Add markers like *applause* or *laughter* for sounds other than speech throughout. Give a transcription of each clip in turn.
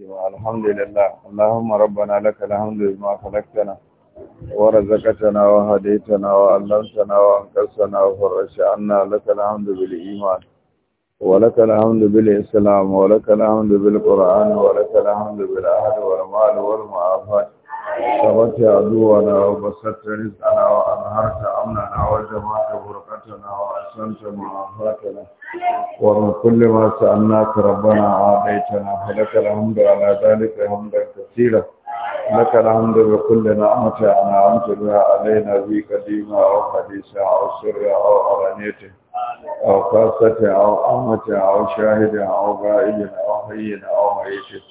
الرحيم الحمد لله اللهم ربنا لك الحمد بما خلقتنا ورزقتنا وهديتنا وعلمتنا وانقذتنا وفرجت عنا لك الحمد بالايمان ولك الحمد بالاسلام ولك الحمد بالقران ولك الحمد بالاهل والمال والمعافاه sabata addu'a na wa basatta rizqana wa nawa, a wa jama'a barakatana wa asanta ma'afatana wa min kulli ma sa'alnaka rabbana a'taytana halaka alhamdu ala dhalika hamdan katsiran لك الحمد بكل نعمة أنعمت بها علينا في قديمة أو حديثة أو سرة أو علانية أو خاصة أو أمة أو شاهد أو غائب أو حي أو ميت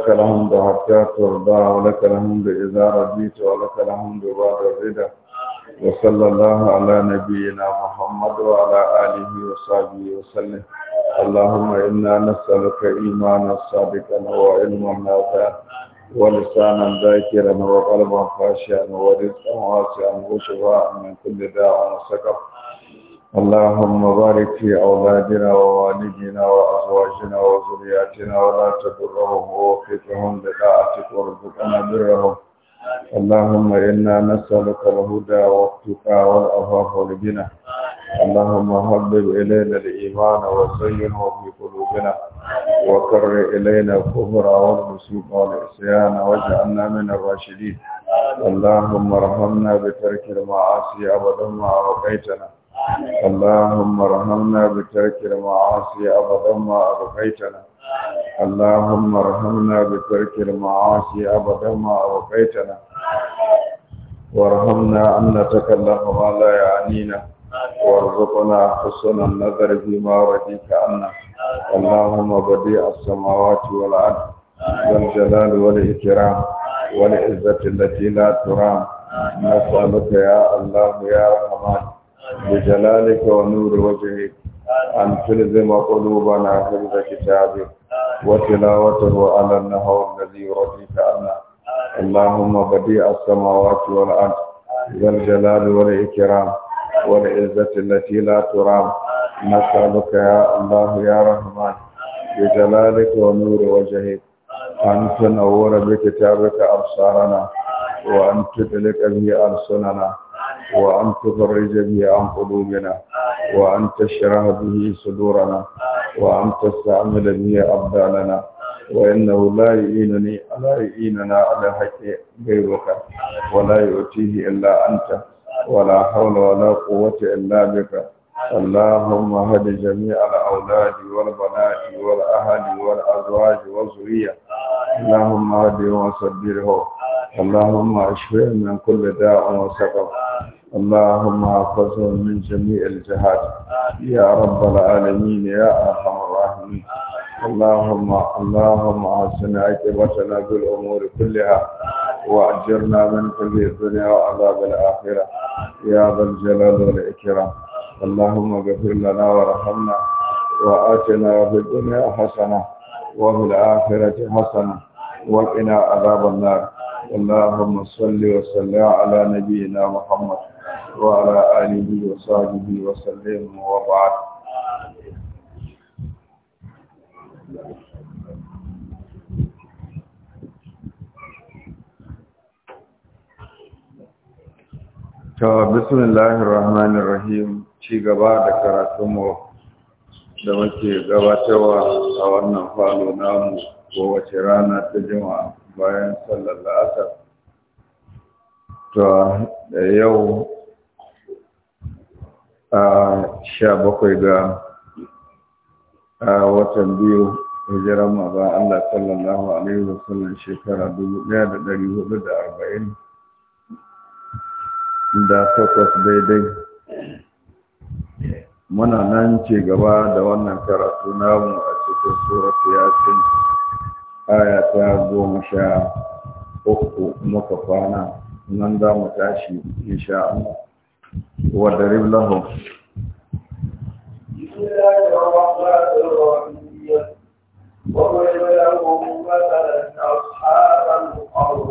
لك الحمد حتى ترضى ولك الحمد إذا رضيت ولك الحمد بعد الرضا وصلى الله على نبينا محمد وعلى آله وصحبه وسلم اللهم إنا نسألك إيمانا صادقا وعلما نافعا ولسانا ذاكرا وقلبا خاشعا ورزقا واسعا وشفاء من كل داء وسقم اللهم بارك في أولادنا ووالدنا وأزواجنا وذرياتنا ولا تضرهم ووفقهم لطاعتك وارزقنا برهم اللهم إنا نسألك الهدى والتقى والعفاف والغنى اللهم حبب إلينا الإيمان وزينه في قلوبنا وكر إلينا الكفر والفسوق والعصيان واجعلنا من الراشدين اللهم ارحمنا بترك المعاصي أبدا ما أبقيتنا اللهم ارحمنا بترك المعاصي أبدا ما أبقيتنا اللهم ارحمنا بترك المعاصي أبدا ما أبقيتنا وارحمنا أن نتكلم ما لا يعنينا وارزقنا حسن النظر فيما رضيت عنا اللهم بديع السماوات والارض ذا الجلال والاكرام والعزه التي لا ترام نسالك يا الله يا رحمن بجلالك ونور وجهك أن تلزم قلوبنا حفظ كتابك وتلاوته على النهار الذي رضيت عنا اللهم بديع السماوات والأرض ذا الجلال والإكرام والعزة التي لا ترام نسألك يا الله يا رحمن بجلالك ونور وجهك أن تنور بكتابك أبصارنا وأن تدلك به ألسننا وأن تفرج به عن قلوبنا وأن تشرح به صدورنا وأن تستعمل به أبداننا وإنه لا يعينني لا يعيننا على حق غيرك ولا يؤتيه إلا أنت ولا حول ولا قوة إلا بك اللهم هد جميع الأولاد والبنات والأهل والأزواج والزرية اللهم هدهم وصبرهم اللهم اشفهم من كل داء وسقم اللهم احفظهم من جميع الجهات يا رب العالمين يا ارحم الراحمين اللهم اللهم احسن عاقبتنا في الامور كلها وأجرنا من كل الدنيا وعذاب الآخرة يا ذا الجلال والإكرام اللهم اغفر لنا وارحمنا وآتنا في الدنيا حسنة وفي الآخرة حسنة وقنا عذاب النار اللهم صل وسلم على نبينا محمد وعلى آله وصحبه وسلم وبعد ta bismillahir rahmanir rahim ci gaba da karatunmu da muke gabatarwa a wannan falo namu kowace rana ta jima bayan sallar la'asar. To, da yau a sha bakwai ga a watan biyu hijiran maza Allah sallallahu Alaihi wasallam shekara dubu da da arba'in. da takwas daidai muna nan ce gaba da wannan karatu namu a cikin suratu yasin aya ta goma sha uku muka kwana nan za mu tashi insha Allah wa darib lahum وَمَا لَهُمْ مَثَلًا أَصْحَابَ الْأَرْضِ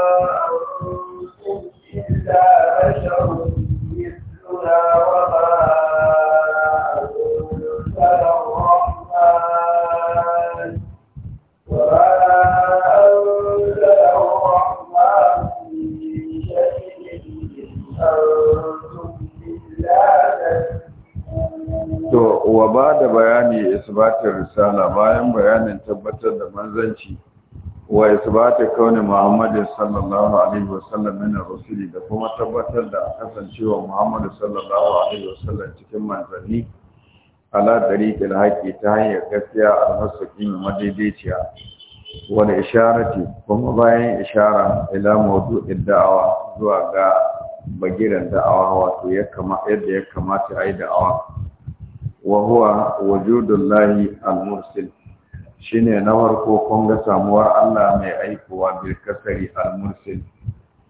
manzanci wa isbata kauni Muhammad sallallahu alaihi min rasuli da kuma tabbatar da kasancewa Muhammad sallallahu alaihi cikin manzanni ala dariqil haqi ta hanyar gaskiya al-mustaqim madaidaiciya wal isharati kuma bayan ishara ila mawdu'id da'awa zuwa ga bagiran da'awa wato ya kama yadda ya kamata ayi da'awa wa huwa wujudullahi al-mursil shine na farko kun ga samuwar Allah mai aikowa bil kasari al-mursil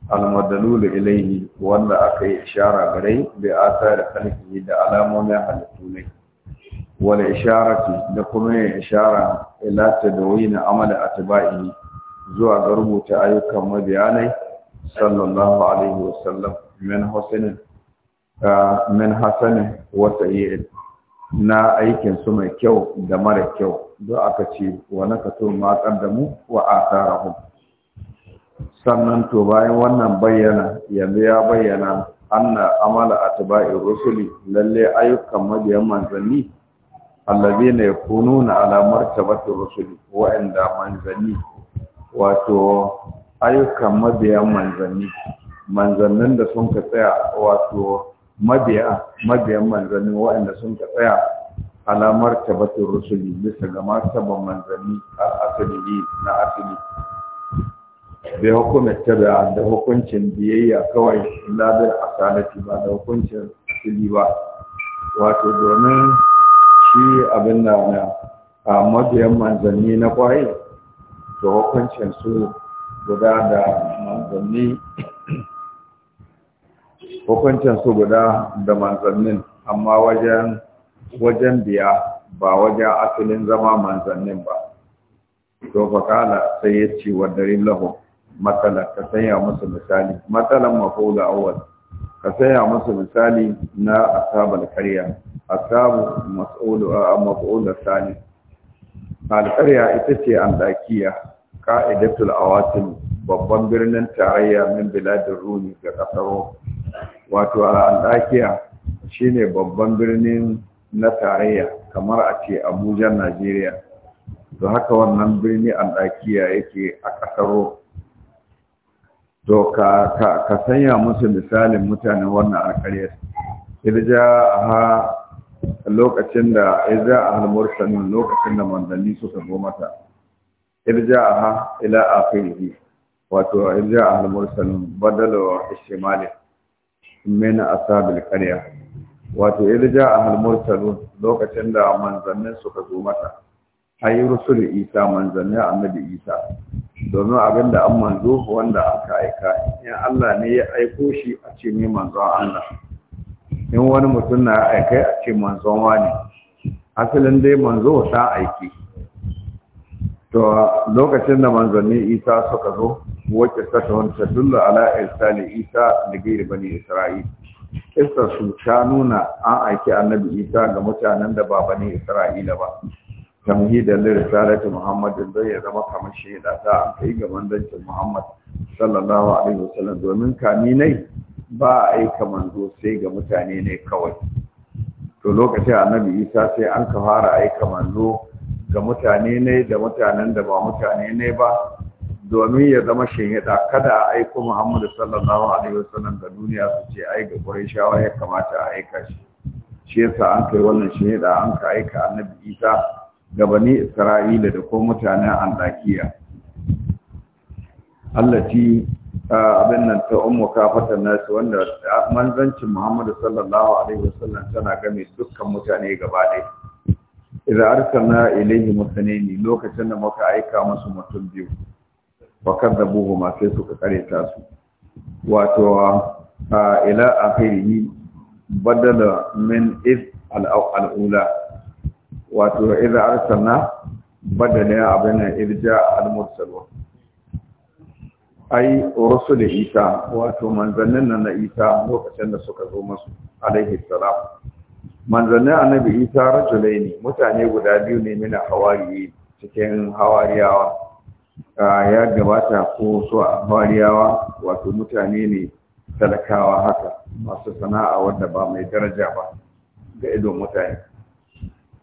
al-madalul ilayhi wanda aka yi ishara gare bi asar khalqihi da alamomin halittu ne ishara isharati da kuma yin ishara ila a amala atba'i zuwa ga rubuta ayyukan mabiyanai sallallahu alaihi wasallam min hasanin min hasanin wa sayyi'in na aikin su mai kyau da mara kyau duk aka ce wa nakatu ma mu wa atharahum sannan to bayan wannan bayyana yanzu ya bayyana anna amala atba'ir rusuli lalle ayyukan mabiyan manzanni allazina yakununa ala martabatir rusuli wa inda manzanni wato ayyukan mabiyan manzanni manzannin da sun ka tsaya wato mabiya mabiyan manzanni waɗanda sun ka tsaya alamar tabbatin rusuli bisa ga martaban manzanni a asali na asali bai hukumar tabi'a da hukuncin biyayya kawai ladar asalati ba da hukuncin asali ba wato domin shi abin da na a mabiyan manzanni na kwaye da hukuncin su guda da manzanni hukuncin su guda da manzannin amma wajen wajen biya ba wajen asalin zama manzannin ba to fakala sai ya ce wa dare lahu matsala ka sanya musu misali matsalan mafaula awwal ka sanya musu misali na asabal karya asabu mas'ulu a sani alkarya ita ce andakiya a awatin babban birnin tarayya min biladin rumi ga kasar wato shi shine babban birnin na tarayya kamar a ce abuja najeriya to haka wannan birni al'akiya yake a ƙasar to ka, ka, ka sanya musu misalin mutanen wannan alƙaryar irja ha lokacin da irja a halmursanin lokacin da manzanni suka zo mata irja ha ila akhirih wato irja a halmursanin badalo ishtimali mena asabil qarya wato irja a mursalun lokacin da manzannin suka zo mata rusu da isa a annabi isa domin abin da an manzo wanda aka aika in Allah ne ya aiko shi a ce ne manzon Allah in wani mutum na aika a ce manzon wani asalin dai manzo ta aiki to lokacin da manzanni isa suka zo wacce ta ta wani tadulla ala irsali isa da gairi bani isra'ila su ta nuna an aiki annabi isa ga mutanen da ba isra'ila ba da lirisalati muhammadin don ya zama kamar da ta an kai ga mandancin muhammad sallallahu alaihi wasallam domin kami nai ba a aika manzo sai ga mutane ne kawai to lokacin annabi isa sai an ka fara aika manzo ga mutane ne da mutanen da ba mutane ne ba domin ya zama shahida kada a aiko Muhammadu sallallahu alaihi wasallam ga duniya su ce ai ga shawa ya kamata a aika shi shi yasa an kai wannan shahida an ka aika Annabi Isa ga bani Isra'ila da ko mutanen Antakiya allati abin nan ta ummu kafatan nasu wanda manzancin Muhammadu sallallahu alaihi wasallam tana game dukkan mutane gaba ɗaya idan arsalna ilayhi mutaneni lokacin da muka aika musu mutum biyu wakar da buhu masu suka ta su wato a ila akhirihi badala min is al'ula wato idza arsana badala abana irja al-mursalun ai da isa wato manzannin nan na isa lokacin da suka zo masu alaihi salam manzannin annabi isa rajulai ne mutane guda biyu ne mina hawariyi cikin hawariyawa ya gabata ko so a fariyawa wato mutane ne talakawa haka masu sana'a wadda ba mai daraja ba ga ido mutane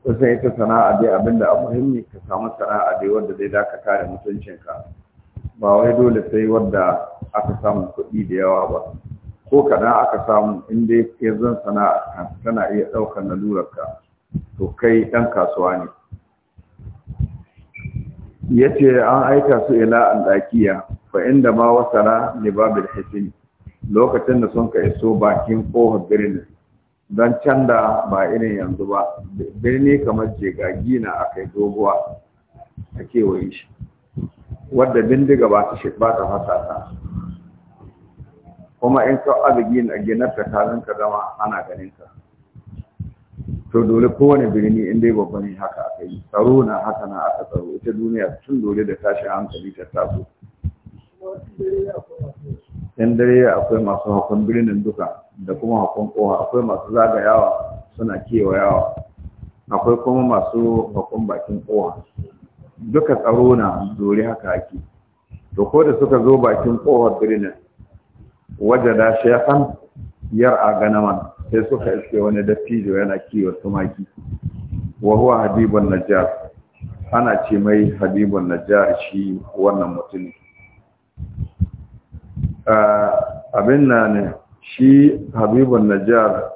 kusan ita sana'a dai abinda a muhimmi ka samu sana'a dai wadda zai dakata kare mutuncinka ba wai dole sai wadda aka samu kuɗi da yawa ba ko kaɗan aka samu in dai ya zan sana'a tana iya ɗaukar ka. to kai ɗan kasuwa ne yace an aika su ila al al-daqiya fa inda ma wasala li babil hisin lokacin da sun ka iso bakin kofar birnin dan canza ba irin yanzu ba birni kamar jegagi na akai doguwa a kewaye shi wadda bindiga ba ta shi ba ta fasa kuma in ka azigi na zan ka zama ana ganin ka to dole kowane birni in dai babba ne haka aka yi tsaro na haka na aka tsaro ita duniya tun dole da tashin hankali ta taso yan dare akwai masu hakon birnin duka da kuma hakon kowa akwai masu zagayawa suna kewayawa akwai kuma masu hakon bakin kowa duka tsaro na dole haka ake to ko da suka zo bakin kowar birnin wajada 'yar a ganaman sai suka iske wani dattijo yana kiwon tumaki wa huwa habibun najjar ana ce mai habibun najjar shi wannan mutum abin na ne shi habibun najjar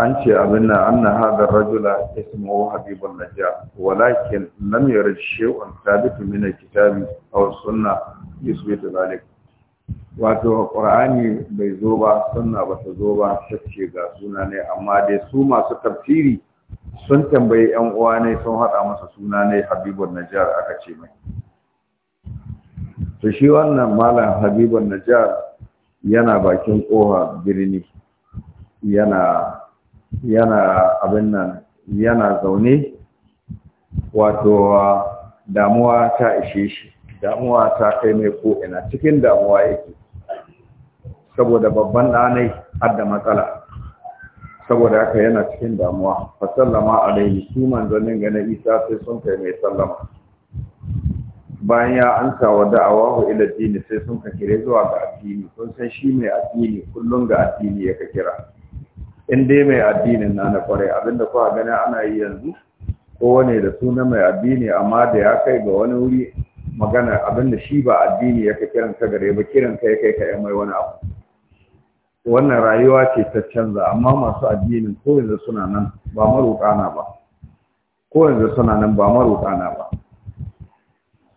an ce abin na anna hada rajula ismuhu habibun najjar walakin lam yurid shay'un thabitun min alkitabi aw sunnah yusbitu dhalika wato qur'ani bai zo ba sunna ba ta zo ba tace ga suna ne amma dai su masu tafsiri sun tambayi yan uwa ne sun hada masa suna ne habibun najjar aka ce mai to shi wannan malam habibun najjar yana bakin koha birni yana yana abin nan yana zaune wato damuwa ta ishe shi damuwa ta kai mai ko ina cikin damuwa yake saboda babban ɗanai har matsala saboda haka yana cikin damuwa fa sallama alaihi su manzannin ga na isa sai sun kai mai sallama bayan ya ansa wa da'awahu ila dini sai sun ka kire zuwa ga addini kun san shi mai addini kullum ga addini ya ka kira in dai mai addinin na na kwarai abinda kuka gani ana yi yanzu kowane da suna mai addini amma da ya kai ga wani wuri magana abinda shi ba addini ya ka kiran ka gare ba kiran ka ya kai mai wani abu wannan rayuwa ce ta canza amma masu addinin ko yanzu suna nan ba maroƙana ba ko yanzu suna nan ba maroƙana ba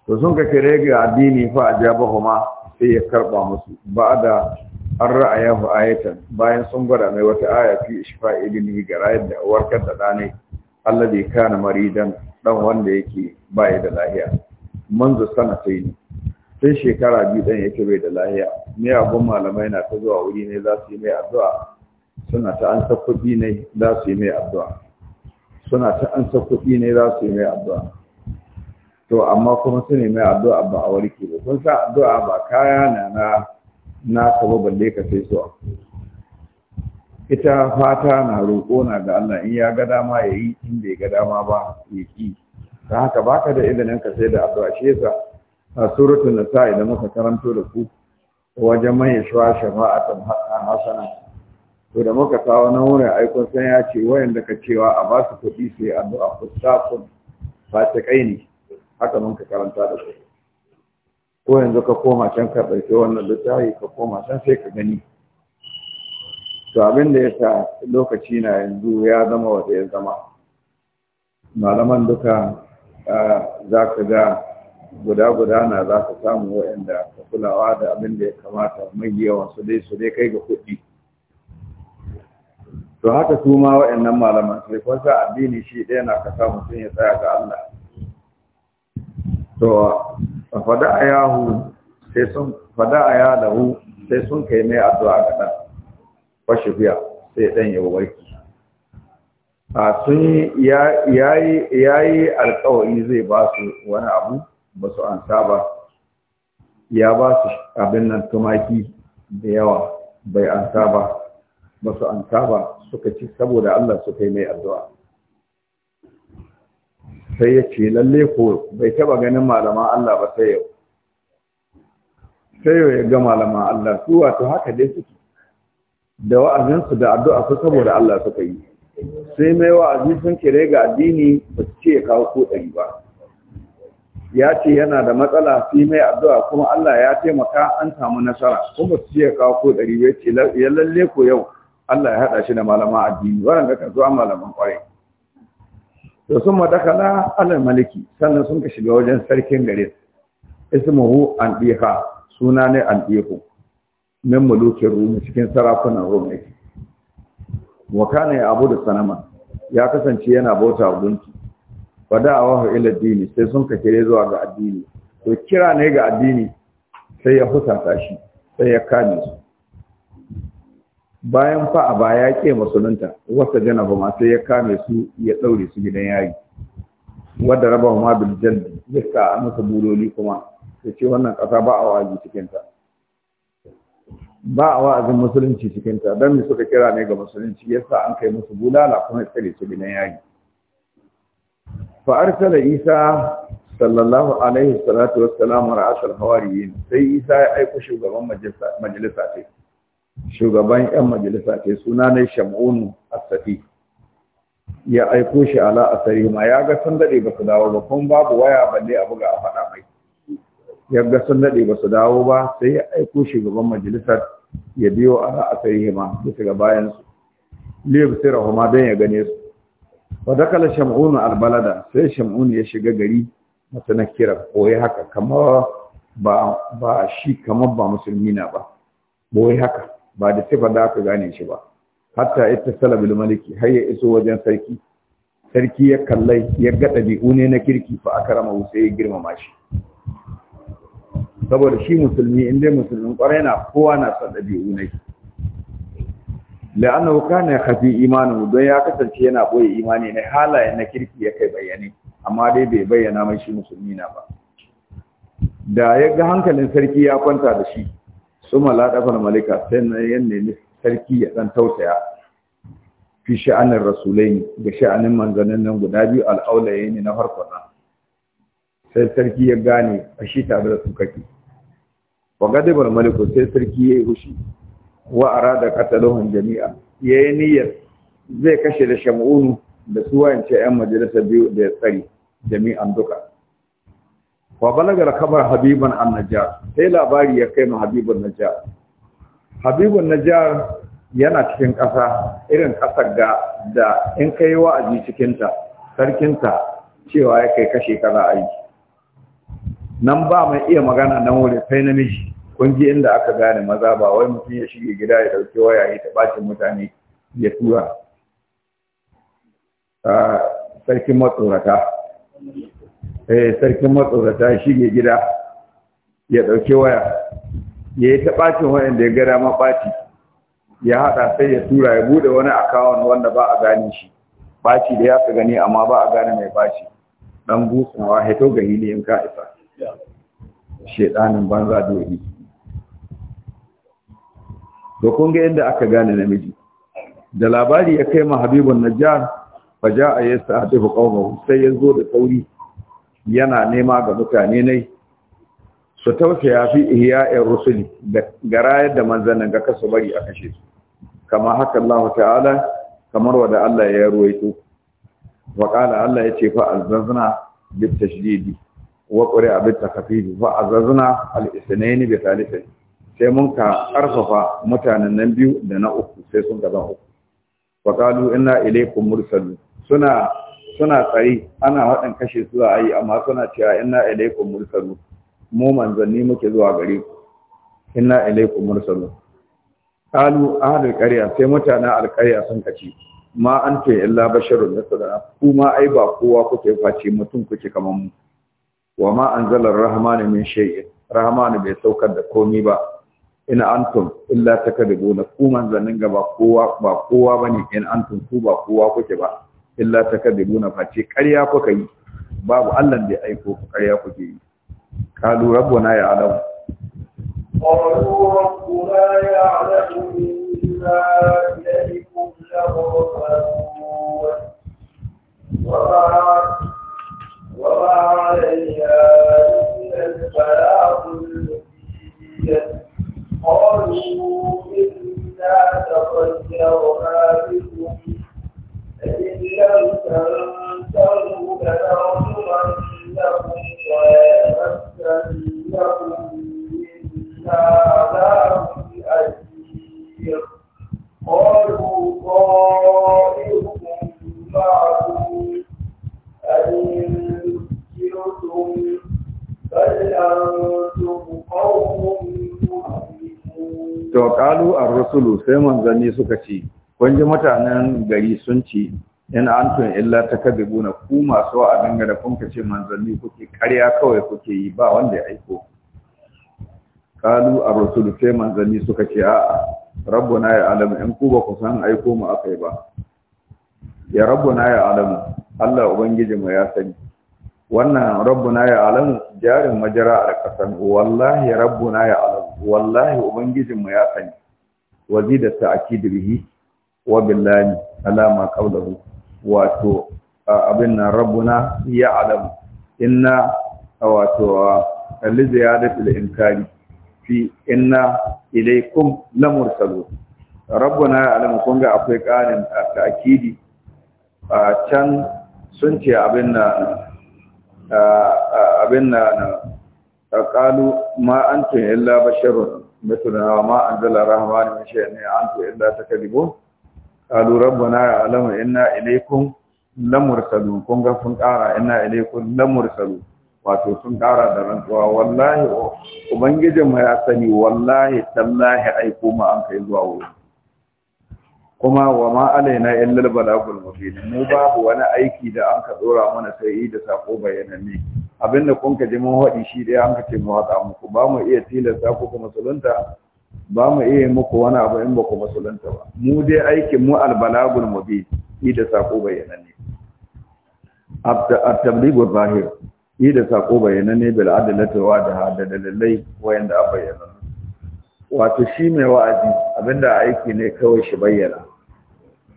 to sun ka kire ga addini fa kuma sai ya karba musu ba da an ra'aya ra'ayahu ayatan bayan sun gwada mai wata aya fi ishfa'i ilimi ga rayar da warkar da Allah bai kana maridan dan wanda yake bai da lahiya manzo sana sai ne sai shekara biyu dan yake bai da lahiya miyagun malamai na ta zuwa wuri ne za su yi mai addu'a suna ta an kuɗi ne za su yi mai addu'a suna ta an kuɗi ne za su yi mai addu'a to amma kuma su ne mai addu'a ba a warke ba kun sa addu'a ba kaya na na na kaba balle ka sai zuwa ita fata na roƙo na ga Allah in ya ga dama ya yi in bai ga dama ba ya ki ta haka baka da izinin ka sai da addu'a shi yasa a suratul nasa idan muka karanto da ku wajen mai shuwa shafa'atan hasana to da muka kawo na wurin aikon san ya ce wayanda ka cewa a ba su kuɗi su yi addu'a ta kai ne haka mun ka karanta da su ko yanzu ka koma can ka ɗauki wannan littafi ka koma can sai ka gani to abin da ya sa lokaci na yanzu ya zama wata ya zama malaman duka za ka ga guda guda na za ka samu waɗanda ka kulawa da abin da ya kamata mai yawan su dai su dai kai ga kuɗi to haka su ma waɗannan malaman sai kun sa addini shi ɗaya na ka samu sun ya tsaya ga Allah to fada ayahu sai sun sai sun kai mai addu'a ga ɗan. fashi biya sai ɗan ya warki a sun yayi zai ba su wani abu ba su an saba ya ba su abin nan tumaki da yawa bai ansa ba ba su ansa ba suka ci saboda Allah suka yi mai addu'a sai ya ce lalle ko bai taba ganin malama Allah ba sai yau sai yau ya ga malama Allah su wato haka dai suke da wa'azinsu da addu'a su saboda Allah suka yi sai mai wa'azi sun kire ga addini ba su ce ya kawo ko ɗari ba ya ce yana da matsala fi mai addu'a kuma Allah ya taimaka an samu nasara kuma su ya kawo ko ɗari ya ce ya lalle ko yau Allah ya haɗa shi da malama addini waɗanda ka zuwa malaman ƙwarai to sun na alal maliki sannan sun ka shiga wajen sarkin garin ismuhu andiha suna ne andihu min mulukin rumi cikin sarakunan rumi wa kana ya abu da sanama ya kasance yana bauta gunki wa wahu ila dini sai sun ka kire zuwa ga addini to kira ne ga addini sai ya husata shi sai ya kame su bayan fa a baya ke musulunta wata janaba ma sai ya kame su ya daure su gidan yayi wadda raba ma bil jaldi yaka a masa buloli kuma ya ce wannan ƙasa ba a wa'azi cikin ta ba a wa'azin musulunci cikin ta dan suka kira ne ga musulunci yasa an kai musu bulala kuma tsare su gidan yayi fa arsala isa sallallahu alaihi salatu wassalam ra'asul hawariyin sai isa ya aiko shugaban majalisa ce shugaban yan majalisa ce suna ne shamun as-safi ya aiko shi ala asari ma ya ga sun dade ba su dawo ba Kuma babu waya balle a buga a faɗa mai ya ga sun dade ba su dawo ba sai ya aiko shugaban majalisar ya biyo ala asari ma bisa bayansu. bayan sai rahoma don ya gane su wa dakala shamun albalada sai shamun ya shiga gari mata kira boye haka kama ba ba shi kama ba musulmi na ba boye haka ba da sifa da aka gane shi ba hatta ita salabil maliki har ya iso wajen sarki sarki ya kallai ya ga ɗabi'u ne na kirki fa akrama wa sai ya girmama shi saboda shi musulmi inda musulmin ƙwarai na kowa na sa ɗabi'u la'annahu kana khafi imanu don ya kasance yana boye imani ne halaye na kirki ya kai bayyane amma dai bai bayyana mai shi musulmi na ba da ya ga hankalin sarki ya kwanta da shi su dafar malika sai na yan nemi sarki ya dan tausaya fi sha'anin rasulai ga sha'anin manzanin nan guda biyu al'aulaye ne na farko na sai sarki ya gane a shi tare da su kake wa gadabar maliku sai sarki ya yi hushi wa arada qataluhum jami'a yayi niyyar zai kashe da shamu'unu da su wayance 'yan majalisa biyu da tsari jami'an duka wa balagar khabar habiban an-najjar sai labari ya kai ma habibun najjar habibun najjar yana cikin kasa irin kasar ga da in kai wa'azi cikinta sarkinta cewa ya kai kashe kana aiki nan ba mai iya magana nan wuri sai namiji kun inda aka gane maza ba wai mutum ya shige gida ya dauki waya ya taɓa mutane ya tura ah, sarkin matsorata eh sarkin matsorata shige gida ya dauki waya ya yi ta wayan da ya gara maɓaci ya haɗa sai ya tura ya bude wani akawun wanda ba a gane shi baci da ya ka gani amma ba a gane mai baci ɗan busawa haito gahili in ka isa shedanin banza dole da kunga ga inda aka gane namiji da labari ya kai ma habibun najjar fa jaa yasta'difu qawmahu sai ya zo da sauri yana nema ga mutane ne su tausaya fi yan rusuli da garayar da manzannin ga kasu bari a kashe su kama haka Allah ta'ala kamar wanda Allah ya ruwaito wa qala Allah ya fa azazna bit tashdidi wa qari'a bit takfif fa azazna al bi sai mun ka ƙarfafa mutanen nan biyu da na uku sai sun gaban uku wa qalu inna ilaykum mursalun suna suna tsari ana wadan kashe su a yi amma suna cewa inna ilaykum mursalun mu manzanni muke zuwa gare ku inna ilaykum mursalun qalu ahlul qarya sai mutanen alqarya sun kace ma anta illa basharun nasara kuma ai ba kowa kuke face mutum kuke kaman mu wa ma anzalar rahmanu min shay'in rahmanu bai saukar da komi ba in antum illa takadibuna ku manzannin ga gaba kowa ba kowa bane in antum ku ba kowa kuke ba illa takadibuna face ƙarya kuka yi babu Allah da ya aiko ku ƙarya kuke yi kalu rabbuna ya alamu qalu rabbuna ya alamu inna ilaykum lamarji'un wa وما عليها إلا البلاغ قالوا إنا تطيرنا بكم لئن لم تنتهوا لنرجمنكم ويمسنكم منا عذاب أليم قالوا طائركم معكم أن ذكرتم بل أنتم قوم to Kalu ar-rusulu sai manzanni suka ci, kun ji mutanen gari sun ci in antum illa takadibuna ku masu a ga da kun ce manzanni kuke ƙarya kawai kuke yi ba wanda ya aiko Kalu ar-rusulu sai manzanni suka ce a'a rabbuna ya alamu in ku ba ku san aiko mu akai ba ya rabbuna ya alamu Allah mu ya sani wannan rabbuna ya alamu jarin majara a ƙasan. wallahi rabbuna ya alamu wallahi ubangijinmu ya sani da wazida ta'kid bihi wa billahi alama qawluhu wato abin nan rabbuna ya alamu inna wato liziyadatil inkari fi inna ilaykum lamursalun rabbuna ya alamu kun ga akwai karin ta'kidi a can sun ce abin nan abin na na qalu ma tun illa basharun mithluna ma anzala rahman ne an tun illa takdibun qalu rabbana alama ina ilaikun lamursalun kun ga sun ƙara ina ilaikun lamursalun wato sun ƙara da rantsuwa wallahi ubangijin mu ya sani wallahi tallahi aiko ma an kai zuwa wuri. kuma wa ma alaina illal balagul mubin mu babu wani aiki da an ka dora mana sai yi da sako bayananne abinda kun ka ji mun haɗi shi dai an ka ce mu haɗa muku ba mu iya tilasta ku ku musulunta ba mu iya muku wani abu in ba ku musulunta ba mu dai aikin mu balagul mubin yi da sako bayananne at-tablighur zahir yi da sako bayananne bil adalati wa da dalilai wayanda a bayyana wato shi mai wa'azi abinda aiki ne kawai shi bayyana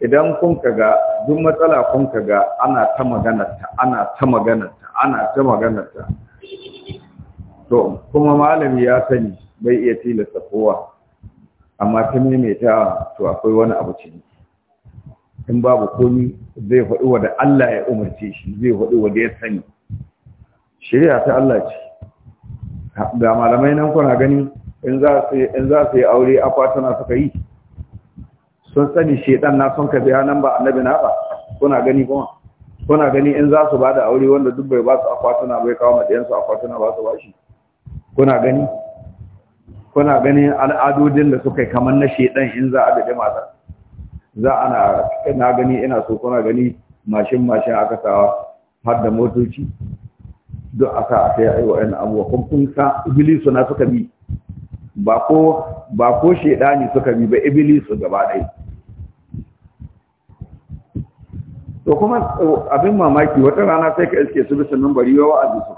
idan kun kaga duk matsala kun kaga ana ta maganarta ana ta maganarta ana ta maganarta to kuma malami ya sani bai iya tilasta kowa amma ta maimaita to akwai wani abu ciki in babu komi zai faɗi wa da Allah ya umarce shi zai faɗi wa da ya sani shirya ta Allah ce ga malamai nan kuna gani in za su yi aure a akwatuna suka yi sun sani shedan na son ka biya nan ba annabi na ba kuna gani kuma kuna gani in za su bada aure wanda duk bai ba su akwatuna bai kawo madiyan su akwatuna ba su bashi kuna gani kuna gani al'adodin da suka yi kamar na shedan in za a da mata za a na gani ina so kuna gani mashin mashin aka sawa har da motoci duk aka a kai ai wa'annan abuwa? kun kun sa iblisu na suka bi ba ko ba ko shedani suka bi ba iblisu gaba ɗaya to kuma eh, abin mamaki wata rana sai ka iske su bisa numbari wa wa'azi su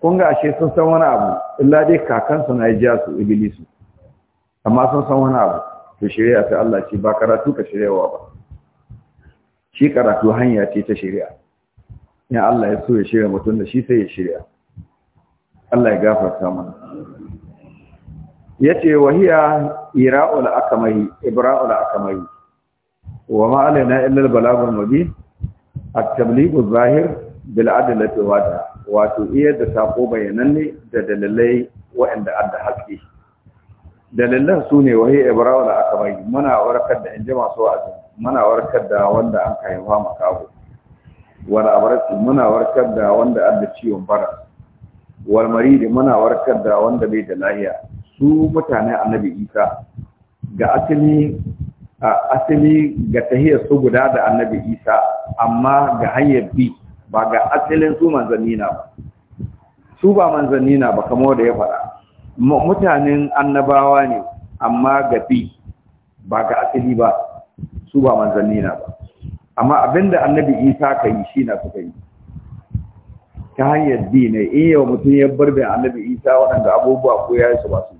kun ga ashe sun san wani abu illa dai kakansu na jiya su ibilisu amma sun san wani abu to shirya ta Allah ce ba karatu ka shiryawa ba shi karatu hanya ce ta shirya? ya Allah ya so ya shirya mutum da shi sai ya shirya Allah ya gafarta mana yace wahiya ira'ul akamai ibra'ul akamai wa ma alaina illa al-balagul mubin at-tabligh az-zahir bil adlati wada wato iya da sako bayananne da dalilai waɗanda adda haƙi dalilan su ne wahi ibrahim da aka bai muna warkar da in inji masu wa'azi muna warkar da wanda an kai wa makaho wal abrasi muna warkar da wanda adda ciwon bara wal maridi muna warkar da wanda bai da lahiya su mutane annabi isa ga asali asali ga tahiyar su guda da annabi isa amma ga hanyar bi ba ga asalin su manzannina ba su ba manzannina ba kamar da ya faɗa mutanen annabawa ne amma ga bi ba ga asali ba su ba manzannina ba amma abinda annabi isa ka yi shi na suka yi ta hanyar bi ne in yau mutum ya barbe annabi isa waɗanda abubuwa ko ya yi su ba su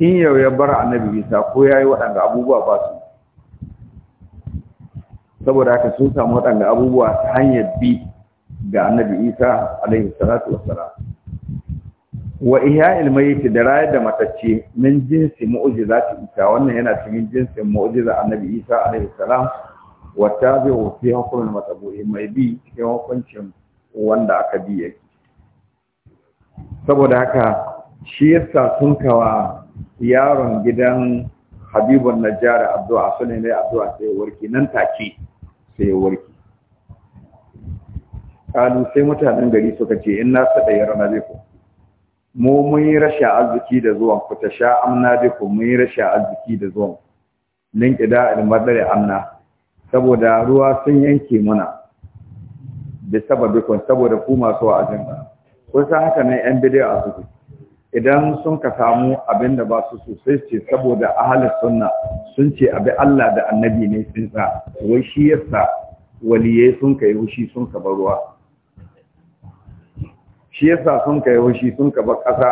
in yau ya bar annabi isa ko ya yi waɗanda abubuwa ba su saboda haka sun samu waɗanda abubuwa ta hanyar bi ga annabi isa alaihi salatu wassalam wa ihya ilmayyiti da rayar da matacce min jinsi za ta isa wannan yana cikin jinsin za annabi isa alaihi salam wa zai fi hukmin matabu'i mai bi cikin hukuncin wanda aka bi yake saboda haka shi yasa sun kawa yaron gidan habibun najjara addu'a su ne mai addu'a sai warki nan take sai warki kalu sai mutanen gari suka ce in na sada yaro na biku mu mun yi rasha arziki da zuwan ku ta sha amna biku mun yi rasha arziki da zuwan kida almadari amna saboda ruwa sun yanke muna da sababikon saboda ku masu wa'azin ba kun san haka nan yan a suke idan sun ka samu abin da ba su sosai ce saboda ahalar sunna sun ce abi Allah da annabi ne sun sa wai shi yasa waliye sun ka kai hushi sun ka bar ruwa shi yasa sun ka kai hushi sun ka bar ƙasa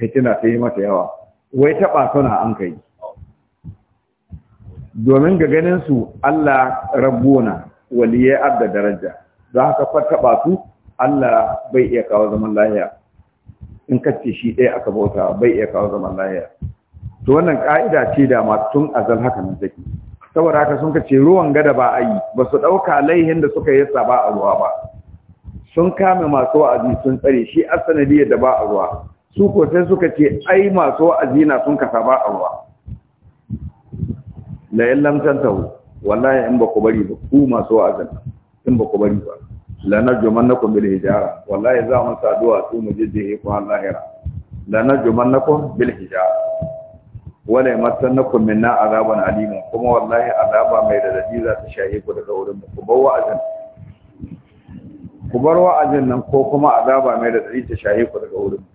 hitina ta yi mata yawa wai taɓa suna an kai domin ga ganin su Allah rabbona waliye adda daraja za ka fata taɓa su Allah bai iya kawo zaman lahiya in ka ce shi ɗaya aka bauta bai iya kawo zaman lahiya to wannan ka'ida ce da ma tun azal haka nan take saboda haka sun ka ce ruwan gada ba a yi ba su ɗauka laihin da suka yi sa ba a ruwa ba sun kame masu wa'azi sun tsare shi a sanadiyar da ba a ruwa su ko sai suka ce ai masu wa'azi na sun kasa ba a ruwa la illam tantahu wallahi in ba ku bari ba ku masu wa'azin in ba ku bari ba lanar juman na kun bil hijara wallahi za mu saduwa su mu jijjihe ku har lahira lanar juman na kun bil hijara wala matan na kun minna azaban alima kuma wallahi azaba mai da dadi za ta shaye ku daga wurin mu ku bar wa'azin ku bar wa'azin nan ko kuma azaba mai da radadi ta shaye ku daga wurin mu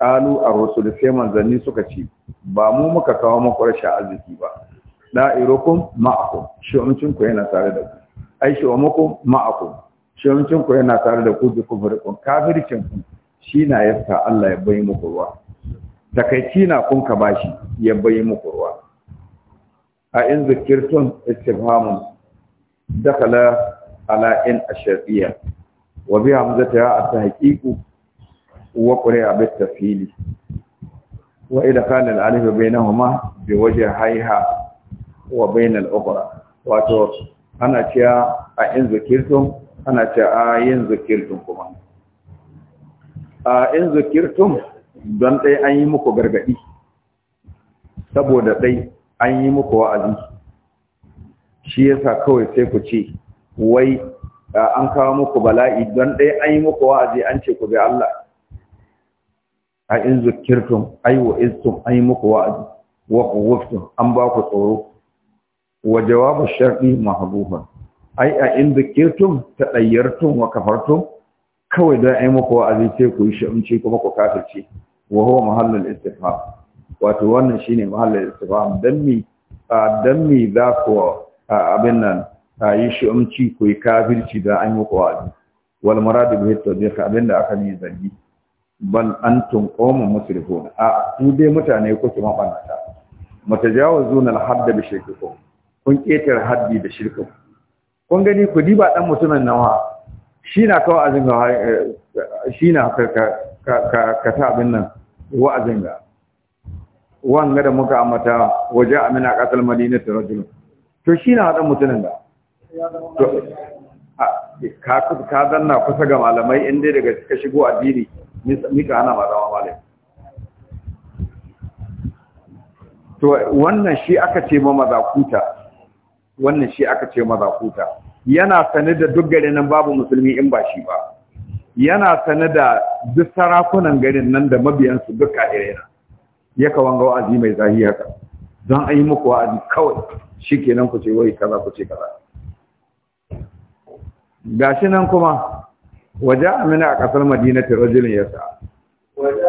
qalu ar-rusul sai manzanni suka ce ba mu muka kawo muku rashin arziki ba da'irukum ma'akum shi'umcin ku yana tare da ku ai shi'umukum ma'akum shawancin ku yana tare da ku bi kufurikun kafircin ku shi na yasa Allah ya bai muku ruwa takaici na kun ka bashi ya bai muku ruwa a in zikirtun istifhamun dakala ala in ashariya wa bi hamzata ya at-tahqiqu wa ya bit tafili wa kan al-alif bainahuma bi hayha wa bain al-ukhra wato ana cewa a in zikirtun ana ce a yin zikirtun kuma a in zikirtun don ɗai an yi muku gargaɗi saboda ɗai an yi muku wa'azi shi yasa kawai sai ku ce wai an kawo muku bala'i don ɗai an yi muku wa'azi an ce ku bi Allah a in zikirtun aiwa istun an yi muku wa'azi wa kuwuftun an ba ku tsoro wa jawabu sharɗi mahabuhun ai a in zikirtum ta ɗayyartum wa kafartum kawai don yi muku wa'azi sai ku yi sha'unci kuma ku kafirci wa huwa mahallul istifham wato wannan shine mahallul istifham dan mi dan mi za ku abin nan yi sha'unci ku yi kafirci da an muku wa'azi wal muradu bihi tawdih abin da aka yi zargi bal antum qawmun musrifun a ku dai mutane kuke mabannata mutajawizuna al hadda da shirkikum kun ƙetare haddi da shirkikum kun gani ku diba dan mutumin nawa shi na kawo azin ga eh, shi na ka ka ta abin nan wa'azin ga wanga da muka amata waje amina qatal madinatu rajul to shi na dan mutumin da ka ka danna kusa ga malamai inda daga suka shigo addini ka ana ma malai to wannan shi aka ce ma mazakuta wannan shi aka ce maza kuta. yana sane da duk garin nan babu musulmi in ba shi ba yana sane da duk sarakunan garin nan da mabiyansu duk ka'irena ya kawan ga wa'azi mai zahi haka don an yi muku wa'azi kawai shi kenan ku ce wai kaza ku ce kaza gashi nan kuma waje amina a ƙasar madina ta rajulun ya sa waje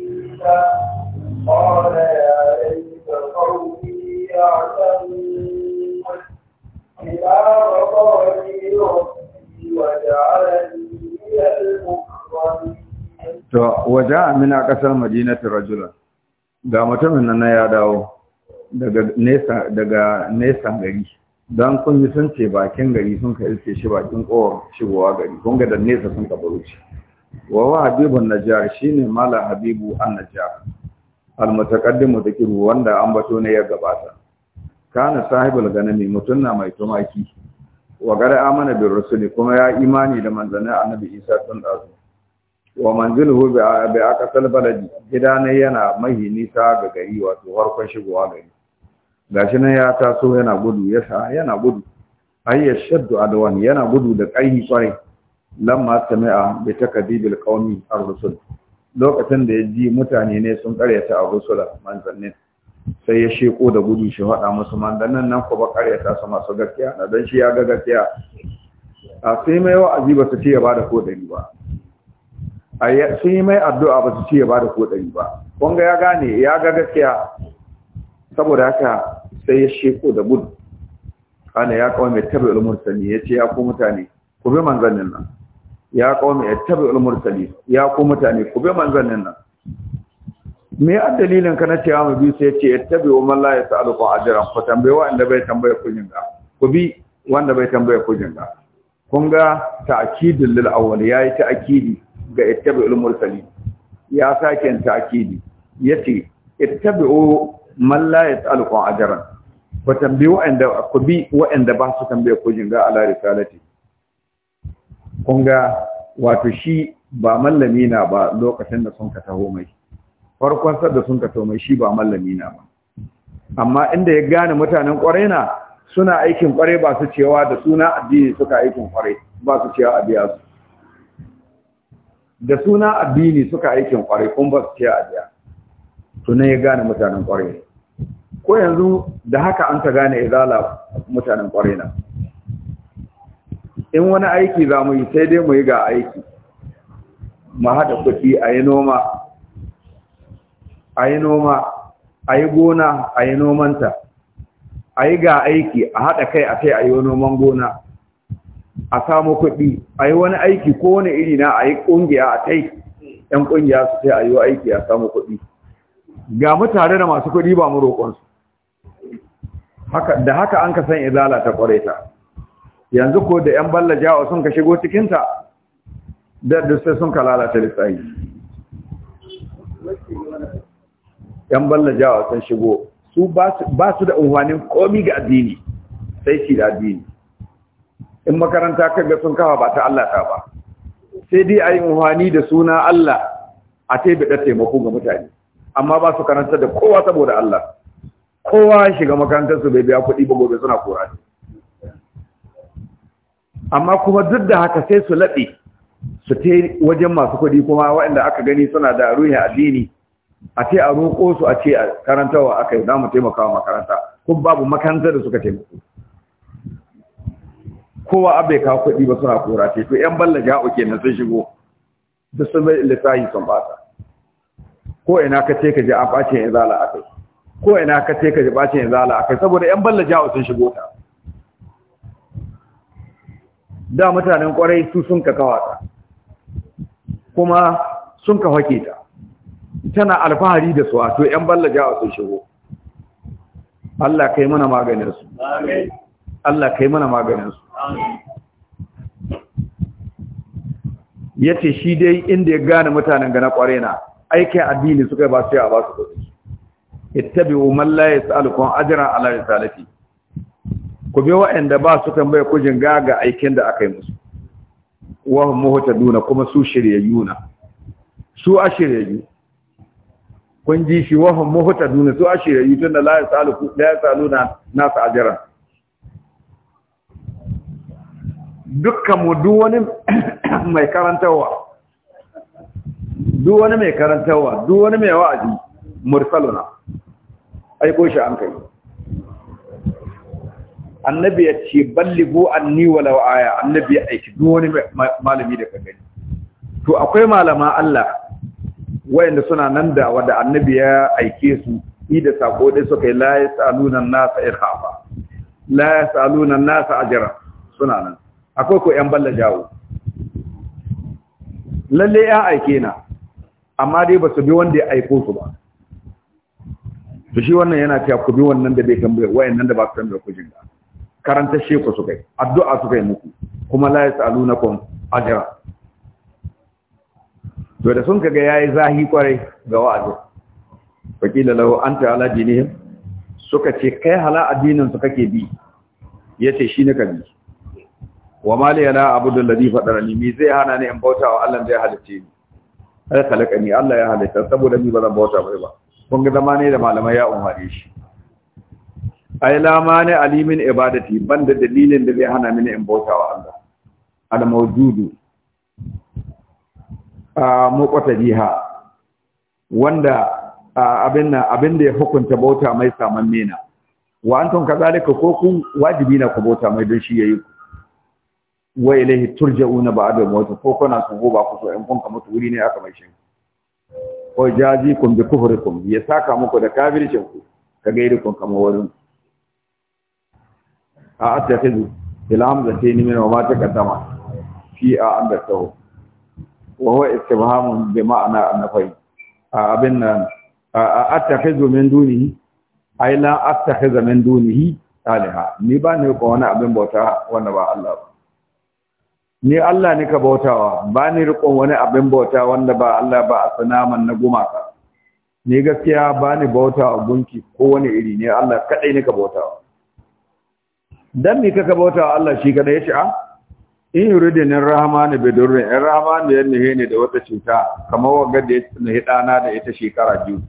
To, waje يا ليت قومي يعلمون بما غفرني ga mutumin nan ya dawo daga nesa gari don kun yi sun ce bakin gari sun ka ilce shi bakin ƙowar shigowa gari kun ga da nesa sun ka baruci wa wa habibun najjar shine mala habibu an najjar al mutaqaddimu dhikru wanda ambato ne ya gabata kana sahibul ganami mutunna mai tumaki wa gara amana bir rusuli kuma ya imani da manzanin annabi Isa tun dazu wa manziluhu bi aqsal baladi gidane yana mahi nisa ga gari wato harkon shigowa gari gashi nan ya taso yana gudu ya sa yana gudu ayyashaddu adwan yana gudu da kai kwarai lamma sami'a bi takdibil qaumi ar-rusul lokacin da ya ji mutane ne sun karyata a rusula manzannin sai ya sheko da gudu shi faɗa musu manzannin nan ko ba karyata su masu gaskiya na dan shi ya ga gaskiya a sai mai wa'azi ba su ce ya bada ko dari ba a sun yi mai addu'a ba su ce ya bada ko dari ba kun ya gane ya ga gaskiya saboda haka sai ya sheko da gudu kana ya kawo mai tabi ulmur sani ya ce ya ku mutane ku bi manzannin nan ya qaumi ittabi'ul mursalin ya ku mutane ku bi manzannin nan me ya dalilin ka na cewa mu bi sai yace ittabi'u man la yas'alukum ajran ku tambaye wanda bai tambaye ku jinga ku bi wanda bai tambaye ku jinga kun ga ta'kidul lil awwal yayi ta'kidi ga ittabi'ul mursalin ya sake ta'kidi yace ittabi'u man la yas'alukum ajran ku tambaye wanda ku bi wanda ba su tambaye ku jinga ala risalati kunga wato shi ba mallami na ba lokacin da sun ka taho mai farkon sa da sun ka taho mai shi ba mallami na ba amma inda ya gane mutanen kwarai na suna aikin kwarai ba su cewa da suna addini suka aikin kwarai ba su cewa a biya su da suna addini suka aikin kwarai kun ba su cewa a biya to ne ya gane mutanen kwarai ko yanzu da haka an ta gane izala mutanen kwarai na in wani aiki za mu yi sai dai mu yi ga aiki ma haɗa kuɗi a yi noma a yi noma a yi gona a yi nomanta a yi ga aiki a haɗa kai a kai a yi noman gona a samu kuɗi a yi wani aiki ko wani iri na a yi ƙungiya a kai ‘yan ƙungiya su sai a yi aiki a samu kuɗi ga mu tare da masu kuɗi ba mu roƙonsu da haka an ka san izala ta ƙwaraita yanzu ko da yan balla jawo sun ka shigo cikinta da sai sun ka lalata lissahi yan balla jawo sun shigo su ba su da unhwanin komi ga addini sai shi da addini in makaranta ga sun kafa ba ta Allah ta ba sai dai ayi unhwani da suna Allah a tebe da taimako ga mutane amma ba su karanta da kowa saboda Allah kowa shiga makarantar su bai biya kuɗi ba gobe suna kura ne amma kuma duk da haka sai su laɓe su te wajen masu kuɗi kuma waɗanda aka gani suna da ruhi addini a ce a roƙo su a ce a karantawa aka yi za mu taimaka makaranta kun babu makaranta da suka taimako kowa abai kawo kuɗi ba suna kora ce to yan balla uke na sun shigo da sun bai lissahi sun bata ko ina ka ce ka ji a bacin izala akai ko ina ka ce ka ji bacin izala akai saboda yan balla ja'o sun shigo ta da mutanen kwarai su sun ka kawata kuma sun ka hake ta tana alfahari da su to ƴan ballaja a sun shigo Allah kai mana maganin su Allah kai mana maganin su yace shi dai inda ya gane mutanen ga na kwarai na aikin addini suka ba su ya ba su kudi ittabi'u man la yas'alukum ajran ala risalati ku bi wa'anda ba su tambaye ku jinga ga aikin da aka yi musu wa hum muhtaduna kuma su shiryayuna su a shiryayyu kun ji shi wa hum muhtaduna su a shiryayyu tunda la salu la na nasa ajran dukkan mu duk wani *coughs* mai karantawa duk wani mai karantawa duk wani mai wa'azi mursaluna aiko shi an kai annabi ya ce ballighu anni walau aya annabi ya aiki duk wani malami da ka gani to akwai malama Allah wayanda suna nan da wanda annabi ya aike su yi da sako dai suka yi la yasaluna an-nasa ikhafa la yasaluna an-nasa ajra suna nan akwai ko yan balla jawo lalle ya aike na amma dai ba su bi wanda ya aiko su ba to shi wannan yana cewa ku bi wannan da bai kan wayannan da ba su kan da ku jinga karanta sheku su kai addu'a su kai muku kuma la yasalunakum ajra to da sun kaga yayi zahi kwarai ga wa'azi wakila lahu anta ala dinihim suka ce kai hala addinin su kake bi yace ne kabi wa mali ala abudul ladhi fadarani mi zai hana ni in bauta wa Allah da ya halice ni har kalakani Allah ya halice saboda ni ba zan bauta ba kun ga zamane da malamai ya umare shi ai lamani alimin ibadati banda dalilin da zai hana mini in bauta wa Allah al mawjudu a kwata jiha wanda abin abin da ya hukunta bauta mai saman mena wa antum kadhalika ko ku wajibi na ku bauta mai don shi yayi wa ilaihi turja'una ba'da mawt ko kuna so ko ba ku so in kun ka mutu wuri ne aka mai shi ko jaji kun bi kufrikum ya saka muku da kafircin ku ka gairi kun kamar wurin ku. a attakhidhu ila hamzatayn min wa ma taqaddama fi a anda tawo wa huwa istifhamun bi ma'ana annafai abin nan a attakhidhu min dunihi ay la attakhidha min dunihi alaha ni ba ne ko wani abin bauta wanda ba Allah ba ni Allah ne ka bautawa ba ni rikon wani abin bauta wanda ba Allah ba a sanaman na gumaka ni gaskiya ba ni bautawa gunki ko wani iri ne Allah kadai ne ka bautawa dan me kaka bauta wa Allah shi kada yace a ah, in yuridin rahmanu bi durrin in rahmanu ya nihe ne da wata cuta kamar wanda da ya nihe dana da ita shekara biyu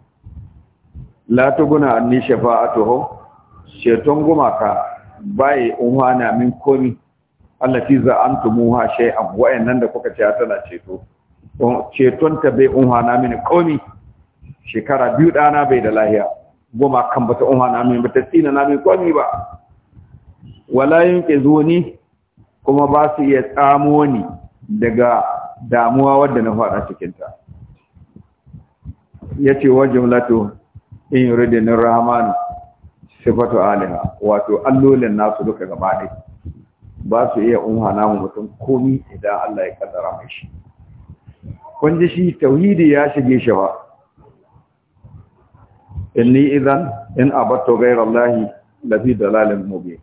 la tuguna anni shafa'atuhum shaiton ka bai umana min komi Allah allati za'antumuha shay'an nan da kuka ce tana ceto ceton ta bai umana min komi shekara biyu dana bai da lahiya goma kan bata umana min bata tsina na min komi ba wala ni kuma ba su iya tsamo ni daga damuwa wadda na fada cikinta, ya ce wa jumlatu in rudinin rahman sifatu alaha wato allolin nasu duka gaba ne ba su iya umhana mu mutum komi idan Allah ya kaddara mai shi kun ji shi tauhidi ya shige shi ba inni idan in abatto gairar lahi lafi dalalin mubin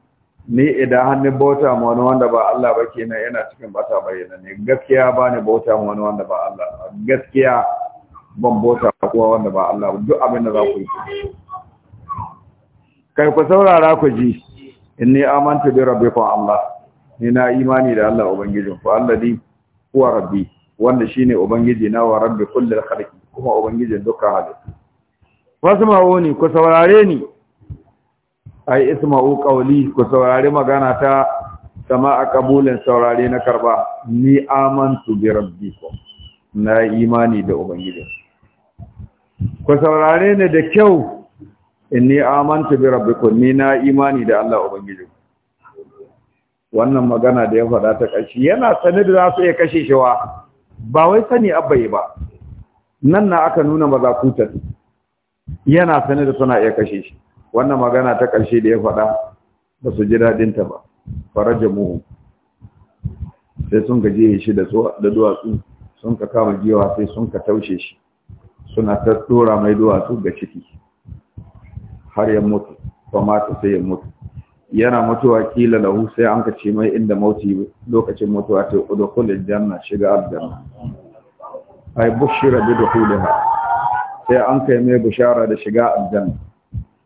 ni idan hannun bauta ma wani wanda ba Allah ba kenan yana cikin bata bayyana ne gaskiya ba ni bauta ma wani wanda ba Allah ba gaskiya ban bauta kowa wanda ba Allah ba duk abin da za ku yi kai ku saurara ku ji inni amantu bi rabbikum Allah ni na imani da Allah ubangijin ku alladhi huwa rabbi wanda shine ubangiji na wa rabbi kullil khalqi kuma ubangijin dukkan halittu fasma'uni ku saurare ni ai isma'u qawli ku saurari magana ta sama a kabulin saurare na karba ni amantu bi rabbikum na imani da ubangiji ku saurare ni da kyau inni amantu bi rabbikum ni na imani da Allah ubangiji wannan magana da ya faɗa ta ƙarshe yana sanin da za su iya kashe shi wa ba wai sani abbai ba nan na aka nuna mazakutar yana sanin da suna iya kashe shi wannan magana ta ƙarshe da ya faɗa ba su ji daɗinta ba Fara muhu sai sun gaje shi da duwatsu sun ka kama giwa sai sun ka taushe shi suna ta tsora mai duwatsu ga ciki har ya mutu ba mata sai ya mutu yana mutuwa kila lahu sai an ka ce mai inda mauti lokacin mutuwa ta udukhul janna shiga aljanna ai bushira bi ha. sai an kai mai bushara da shiga aljanna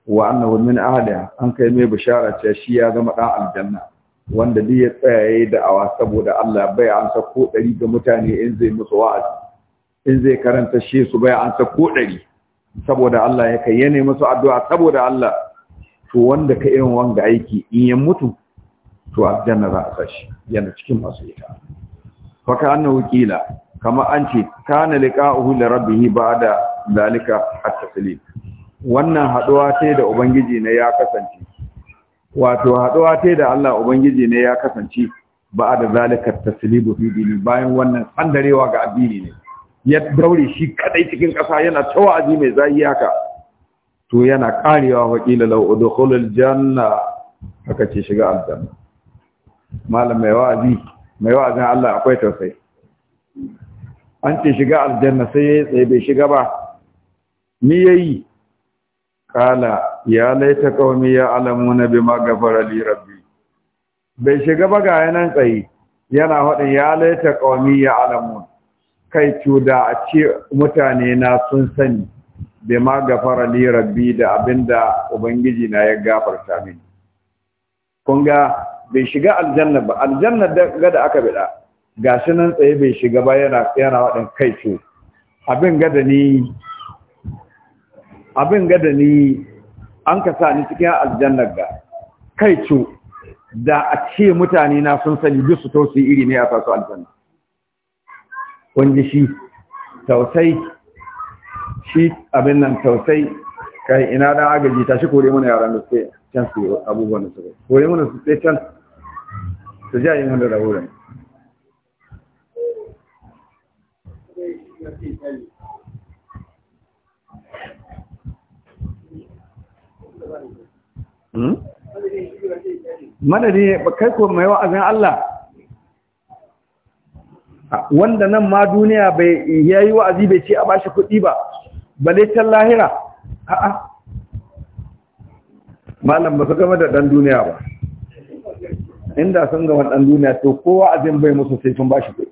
wa annahu min ahada an kai mai bishara cewa shi ya zama dan aljanna wanda duk ya tsaya yayi da'awa saboda Allah bai an sa ko dari ga mutane in zai musu wa'azi in zai karanta shi su bai an sa ko dari saboda Allah ya kai ya nemi su addu'a saboda Allah to wanda ka irin wanga aiki in ya mutu to aljanna za a sashi yana cikin masu ita fa ka annahu qila kama an ce kana liqa'uhu li rabbih ba'da zalika at-taslim wannan haɗuwa ta da ubangiji ne ya kasance wato haɗuwa ta da Allah ubangiji ne ya kasance ba da zalika taslibu fi dini bayan wannan sandarewa ga addini ne ya daure shi kadai cikin ƙasa yana tawa aji mai zai haka to yana karewa wakila lau udkhulul janna haka ce shiga aljanna malam mai wa'azi mai wa'azin Allah akwai tausayi an ce shiga aljanna sai ya tsaye bai shiga ba ni yayi kala ya laita qaumi ya alamuna bima ghafara li rabbi bai shiga ba ga yanan tsayi yana haɗin ya laita qaumi ya alamu kai cuda a ce mutane na sun sani bima ghafara li rabbi da abinda ubangiji na ya gafarta mini Kunga, bai shiga aljanna ba aljanna ga da aka bida Ga shi nan tsaye bai shiga ba yana yana wadan kai cu abin gada ni abin gada ni an ka sa ni cikin aljannar ga kai cu da a ce mutane na sun sani duk su tausi iri ne a fasu aljanna wanda shi tausai shi abin nan tausai kai ina dan agaji ta shi kore mana yaran da suke can su abubuwan da suke kore mana su sai can su ja yi mana da wurin Thank you. Hmm? madadi kai ko mai wa'azin Allah wanda nan ma duniya bai yayi wa'azi bai ce a bashi kuɗi ba bale can lahira Ha'a. malam ba su gama da dan duniya ba inda sun gama dan duniya to kowa azin bai musu sai sun bashi kuɗi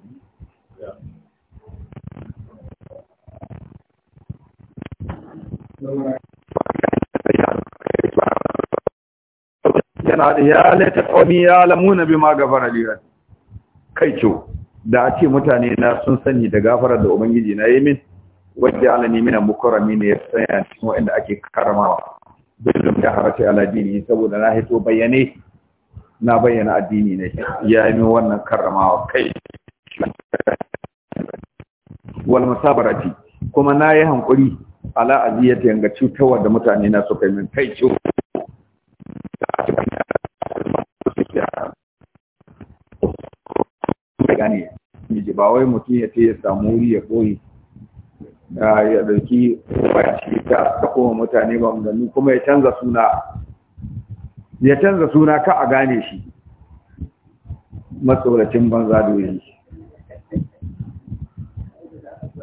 yana da ya laita na bi ma ghafara li kai ciwo da a ce mutane na sun sani da gafarar da ubangiji na yi min wadda alani mina mukarrami ne ya tsaya cikin wanda ake karamawa bidin da harata ala dini saboda na hito bayyane na bayyana addini ne ya yi min wannan karramawa kai wal musabarati kuma na yi hankuri ala aziyata yanga cutawar da mutane na suka yi min kai ciwo gane miji ba wai mutum ya ce ya samu wuri ya koyi ya dauki baci ta ta koma mutane ba mu kuma ya canza suna ya canza suna ka a gane shi matsoracin banza doyi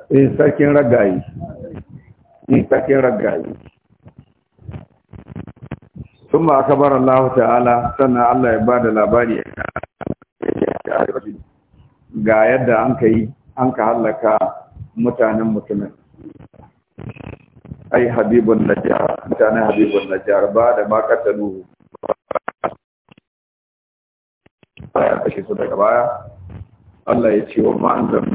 in eh, sarkin ragayi in eh, sarkin ragayi ثم أخبر الله ya سنة الله يبادل yi. ga yadda an ka yi an ka hallaka mutanen mutumin ai habibun najjar mutanen habibun najjar ba da ma ba ya kashe su daga baya Allah ya ce wa ma'anzan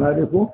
فهمنا لكم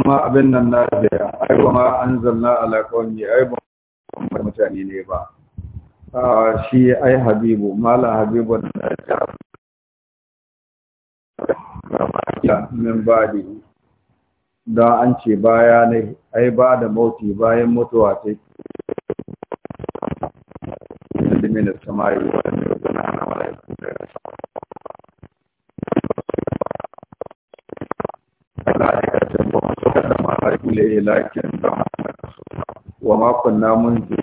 kuma abin nan na biya ai ba ma zanna ala kawai ai ba mutane ne ba shi ai habibu mala habibu da ta min badi da an ce baya ne ai ba da mauti bayan mutuwa ce da min kulle lakin ba wa ma kunna mun da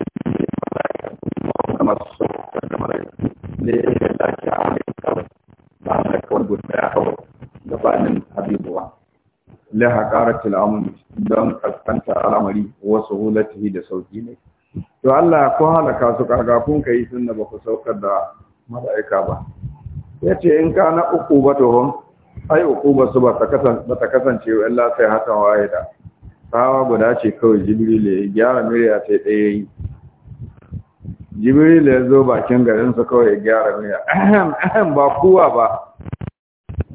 masu da malaiku ne ya lakin a mai kawai ba na kawai guda ya hau gabanin habibuwa laha ƙaratil don kaskanta al'amari wasu hulatihi da sauƙi ne to Allah ko halaka su kaga kun kai sunna ba baku saukar da mala'ika ba Ya ce in ka na uku ba to ai uku ba su ba ta kasance wa illa sai hatan da. tsawa guda ce kawai jibrilu ya gyara murya ta ɗaya yi jibrilu ya zo bakin garinsa kawai ya gyara murya ahem ba kuwa ba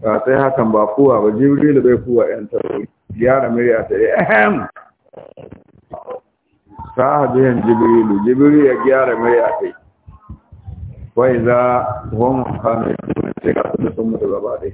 ba sai hakan ba kuwa ba jibrilu bai kuwa yan tarori gyara murya ta ɗaya ahem sahabiyan jibrilu jibrilu ya gyara murya ta yi wai za a kanu ya kuma ce ka kuma sun mutu gaba ɗaya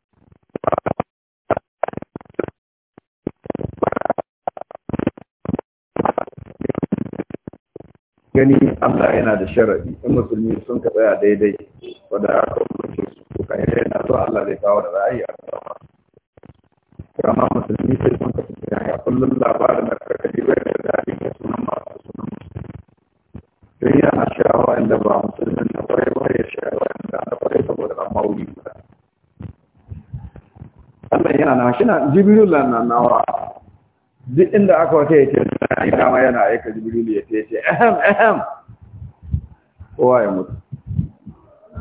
gani Allah yana da sharadi in musulmi sun ka tsaya daidai wanda aka umarce su ko kai yana so Allah zai kawo da ra'ayi a kama kama musulmi sai sun ka tsaya ya kullum labarin da ka kaji bai da dadi da sunan masu sunan sai na shawa inda ba musulmin na kwarai ba ya shawa inda na kwarai saboda ba mauli ba Allah yana na shi na jibril na nawa duk inda aka wata ya ce ina yana aika jibrilu ya ce ahem ahem kowa ya mutu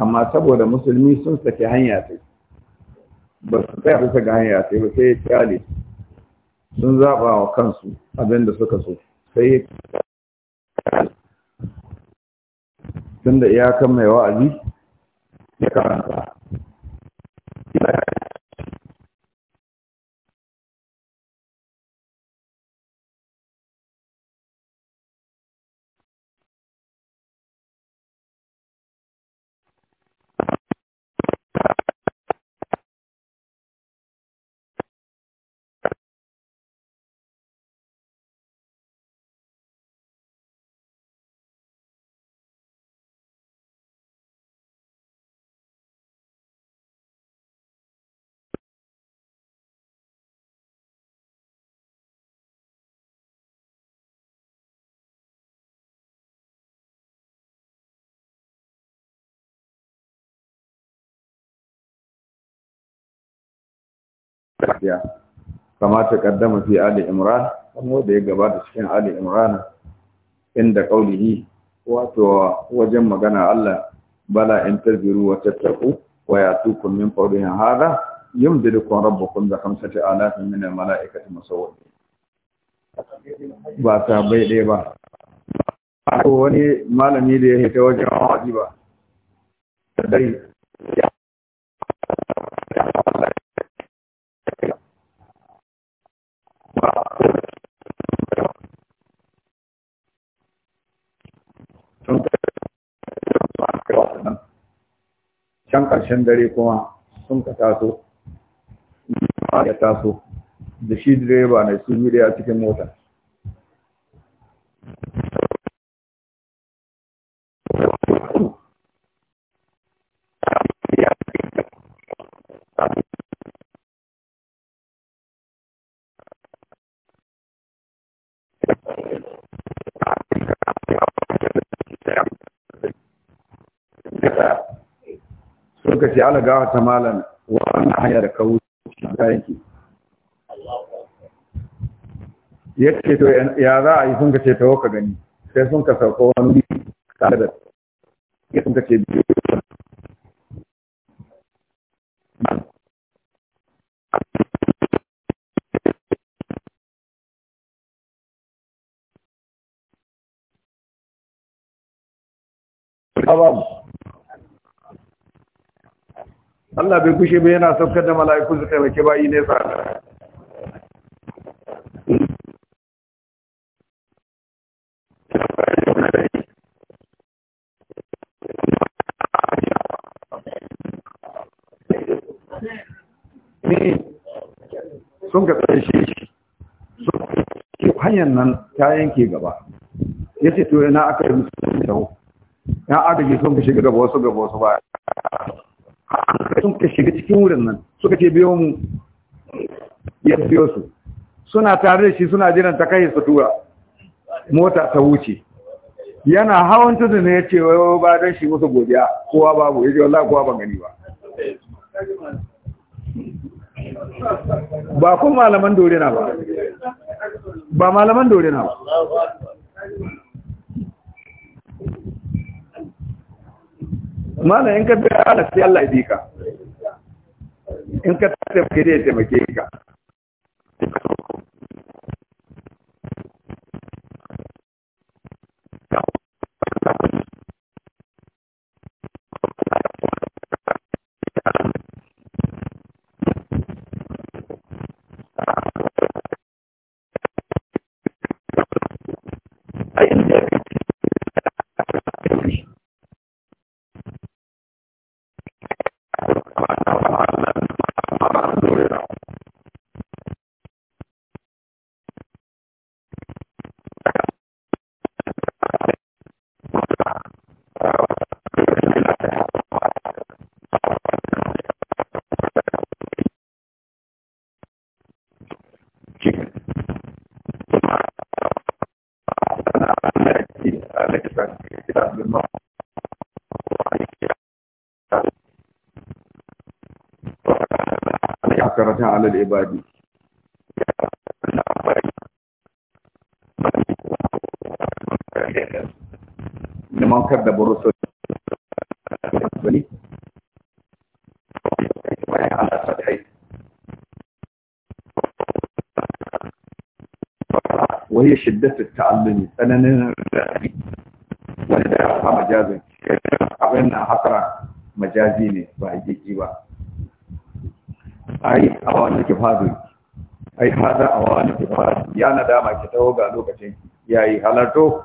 amma saboda musulmi sun sake hanya sai ba su tsaya su ga hanya sai ba sai ya kyale sun zaɓa wa kansu abin da suka so sai ya tun da iyakan mai wa'azi ya karanta lafiya kama ta kaddama fi ali imran kuma da ya gabata cikin ali imran inda qaulihi wato wajen magana Allah bala in taziru wa tattaqu wa yatukum min qawlihi hadha yumdidukum rabbukum bi khamsati alafin min al malaikati musawwimin ba ta bai dai ba ko wani malami da ya hita wajen wajiba dai Shankar छंदर को सुनकटासु दशीद्रेवा ने सूर्य आती के मोटा suka ce ala gawa ta malam wannan hanya da kawo shiga yake ya ce to ya za a yi sun ka ce tawo ka gani sai sun ka sauka wani tare da ya sun ka ce biyu Ababu. Allah bai kushe bai yana saukar da mala'iku su taimake bayi ne sa sun ka tsarshe shi sun hanyar nan ta yanke gaba ya ce to yana aka yi musu da hau ya agaji sun fi shiga gaba wasu gaba wasu baya sun ka shiga cikin wurin nan suka ce biyo mu ya biyo su suna tare da shi suna jiran ta kai su tura mota ta wuce yana hawan tudu ne ya ce wai ba don shi musu godiya kowa babu ya ce wallahi kowa ban gani ba ba kun malaman dore na ba ba malaman dore na ba mana in ka bi ala sai Allah ya bi ka in ka taimake zai taimake ka عبادي كذب الرسل وهي شدة التعلم أنا ولا مجازا أبنى حسرة مجازي ne ba ai a wani ki fadu ai hada awa na fadu ya na dama ki ga lokacin yayi halarto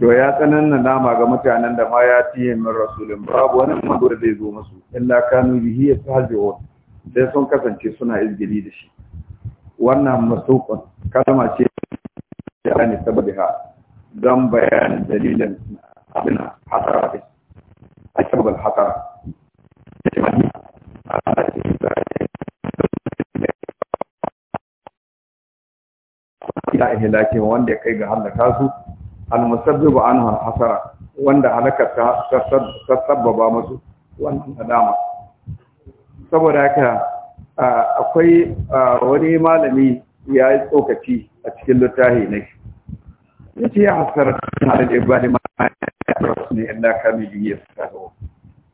to ya tsananna dama ga mutanen da ma ya tiye min rasulun babu wani manzo da zai zo musu illa kanu bihi yastahzi'un sai sun kasance suna izgili da shi wannan masukun kalma ce da ne saboda Zan bayan dalilin abin hasara ne a sababin ila ihlaki wanda kai ga halaka su almusabbibu anhu alhasara wanda ta wannan nadama saboda haka akwai wani malami ya yi tsokaci a cikin littafi na yace ya hasara na da ibadi ma ne illa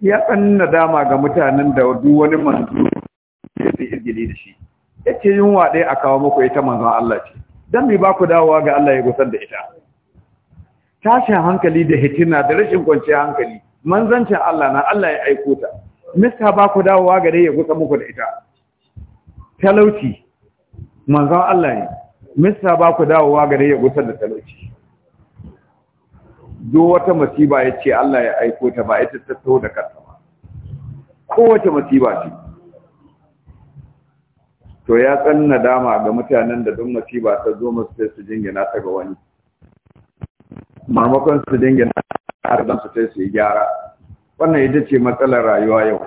ya ɗan dama ga mutanen da duk wani manzo ya fi izgili da shi ya ce yunwa ɗaya a kawo muku ita manzon Allah ce don mai ba ku dawowa ga Allah ya gusar da ita tashin hankali da hitina da rashin kwanciyar hankali manzancin Allah na Allah ya aiko ta mista ba ku dawowa ga dai ya gusa muku da ita talauci manzon Allah ne mista ba ku dawowa ga dai ya gusar da talauci duk wata masiba ya ce Allah ya aiko ta ba ita ta taho da kanta ba kowace masiba ce to ya san nadama ga mutanen da duk masiba ta zo musu sai su jingina ta ga wani mamakon su jingina har da su sai su yi gyara wannan ita ce matsalar rayuwa yau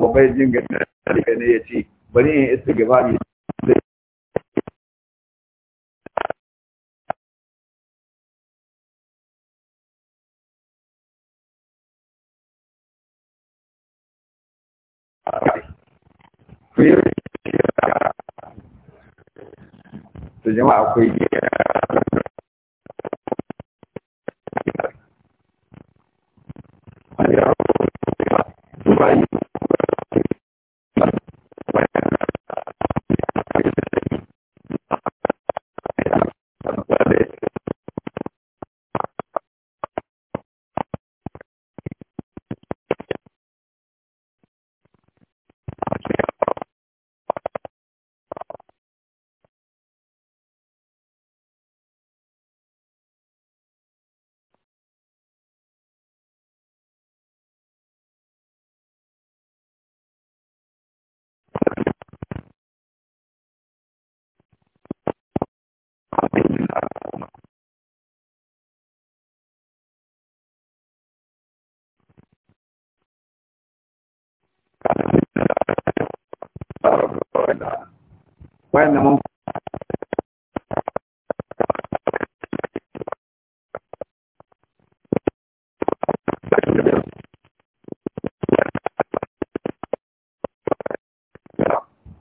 ba bai jingina ne ya ce bari in gaba ne to jama'a akwai Wannan mun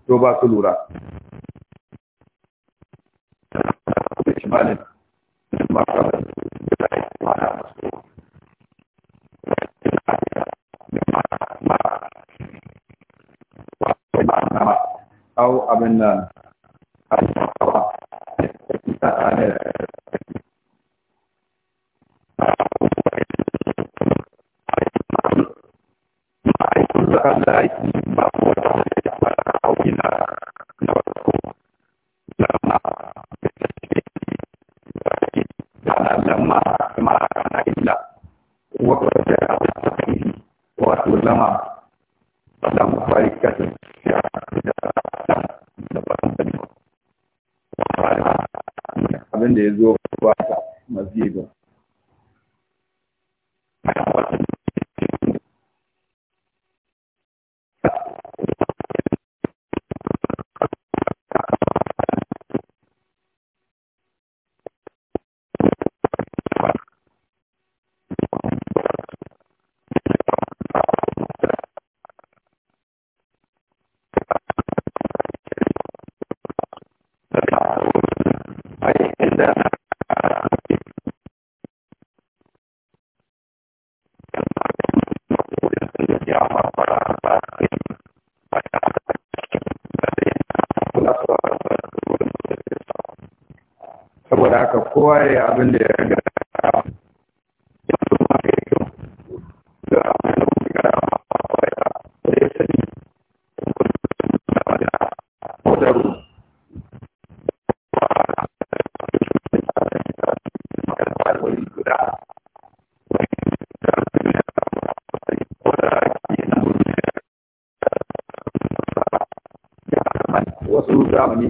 to ba su lura. And uh.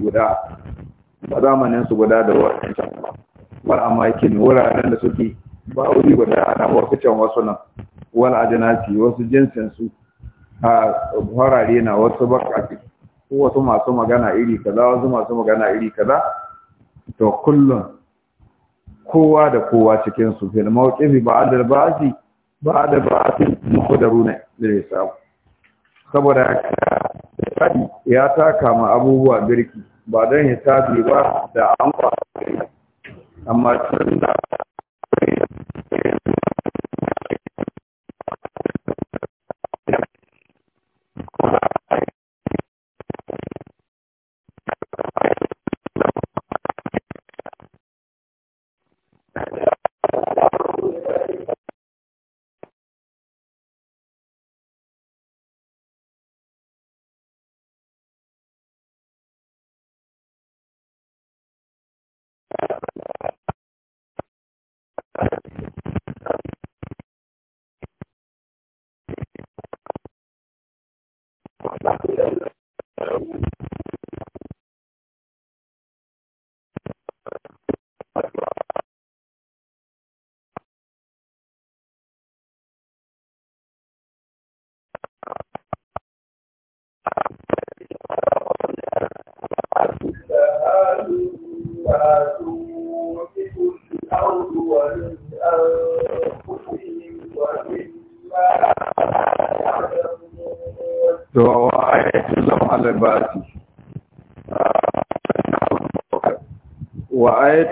zamani guda ba zamanin su guda da Wani ba wal amakin wuraren da suke ba wuri guda ana wakucan wasu nan wal ajinati wasu jinsin su a harare na wasu bakaki ko wasu masu magana iri kaza wasu masu magana iri kaza to kullum kowa da kowa cikin su fil mawqifi ba'd ba basi ba'd al-ba'si muqaddaruna lil saboda ya taka ma abubuwa birki ba don hisabi ba da an amma tun da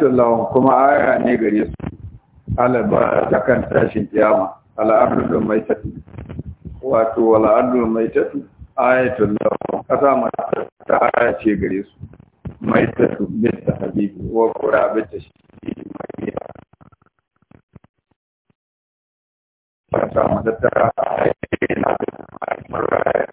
ayatun lahum kuma aya ne gare su alaba ta kan tashin kiyama al'adul mai tatu wato al'adul mai tatu ayatun lahum kasa mata ta aya ce gare su mai tatu bin ta habibi wa kura bin ta shi mai kasa mata ta aya ce na bin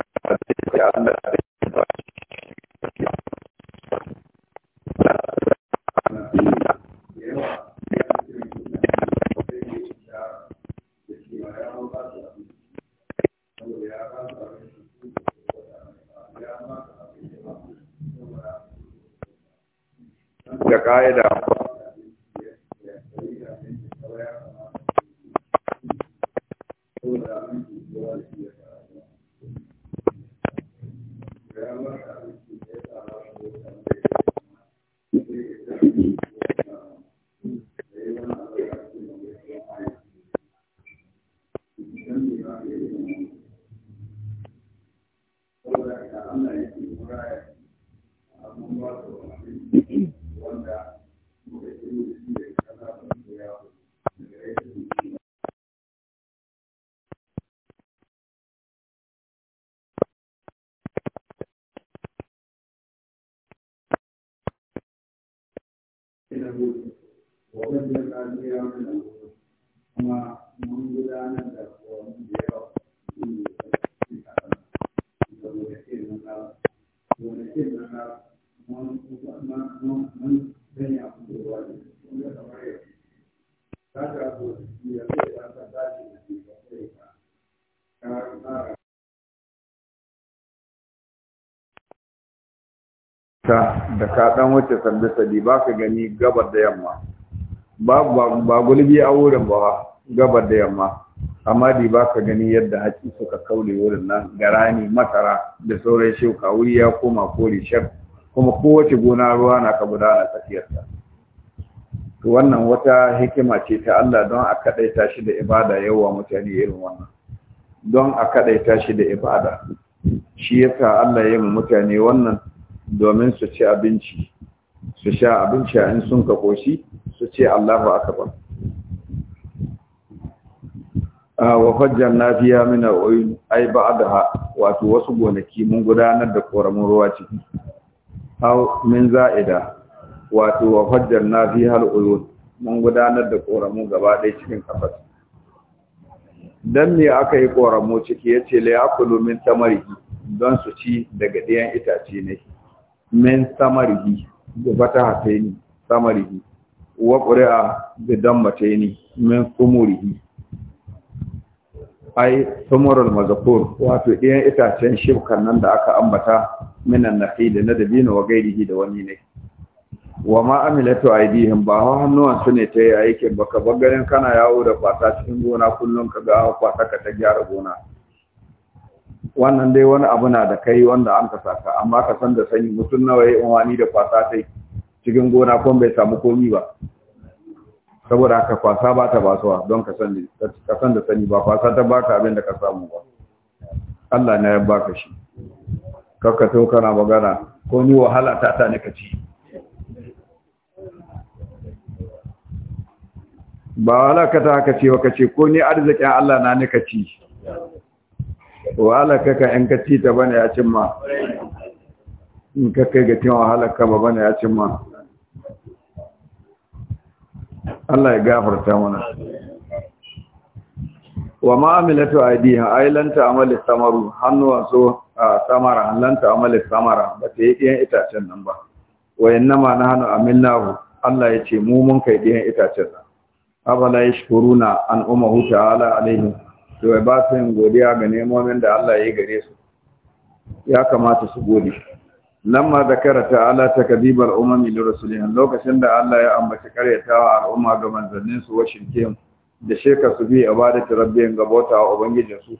da ka dan wuce sanda sadi ba ka gani gabar da yamma ba gulbi a wurin ba gabar da yamma amma di ba ka gani yadda haƙi suka kaule wurin nan garani masara da sauran shuka wuri ya koma kori shar kuma kowace gona ruwa na ka gudana tsakiyarta to wannan wata hikima ce ta Allah don a kadaita shi da ibada yawa mutane irin wannan don a kadaita shi da ibada shi yasa Allah ya yi mutane wannan domin su ci abinci su sha abinci a in sun ka koshi su ce Allahu akbar wa fajjan nafiya min al-uyun ay ba'daha wato wasu gonaki mun gudanar da koramin ruwa ciki aw min za'ida wato wa fajjan nafiya al-uyun mun gudanar da koramu gaba ɗaya cikin kafas dan me aka yi koramo ciki yace la yakulu min tamari don su ci daga ɗayan itace ne min samarihi da fata hataini samarihi wa ƙuri'a da dammataini min sumurihi ai sumurul mazakur wato ɗayan itacen shibkan nan da aka ambata minan nahili na dabino wa gairihi da wani ne wa ma amilatu aidihim ba hannuwan su ne ta yi aikin ba ka ganin kana yawo da kwasa cikin gona kullum ka ga kwasa ka ta gyara gona wannan dai wani abu na da kai wanda an ka amma ka san da sanyi mutum nawa ya wani da kwasa ta yi cikin gona kuma bai samu komi ba saboda ka kwasa ba ta basuwa don ka san da sani ba kwasa ta baka abin da ka samu ba Allah na ya baka shi kakka to kana magana ko ni wahala ta ta ne ka ci ba wala ka ta haka ce wa ka ce ko ni arzikin Allah na ne ka ci wahala kaka in ka ci ta bane ya ma. in ka kai ga cin wahalaka ba bane ya ma. Allah ya gafarta mana wa ma'amilatu aidiha ay lan ta'malu samaru hannuwa so samara lan ta'malu samara ba ta yi ɗiyan itacen nan ba wa na nahnu amilnahu Allah ya ce mu mun kai ɗiyan itacen nan abala yashkuruna an umahu ta'ala alaihim to ya ba su yin godiya ga nemomin da Allah ya gare su ya kamata su gode nan lamma zakara ta'ala takdibar umami da rasulina lokacin da Allah ya ambaci karyatawa al'umma ga manzannin su washinkin da sheka su bi da rabbihim ga bauta wa ubangijin su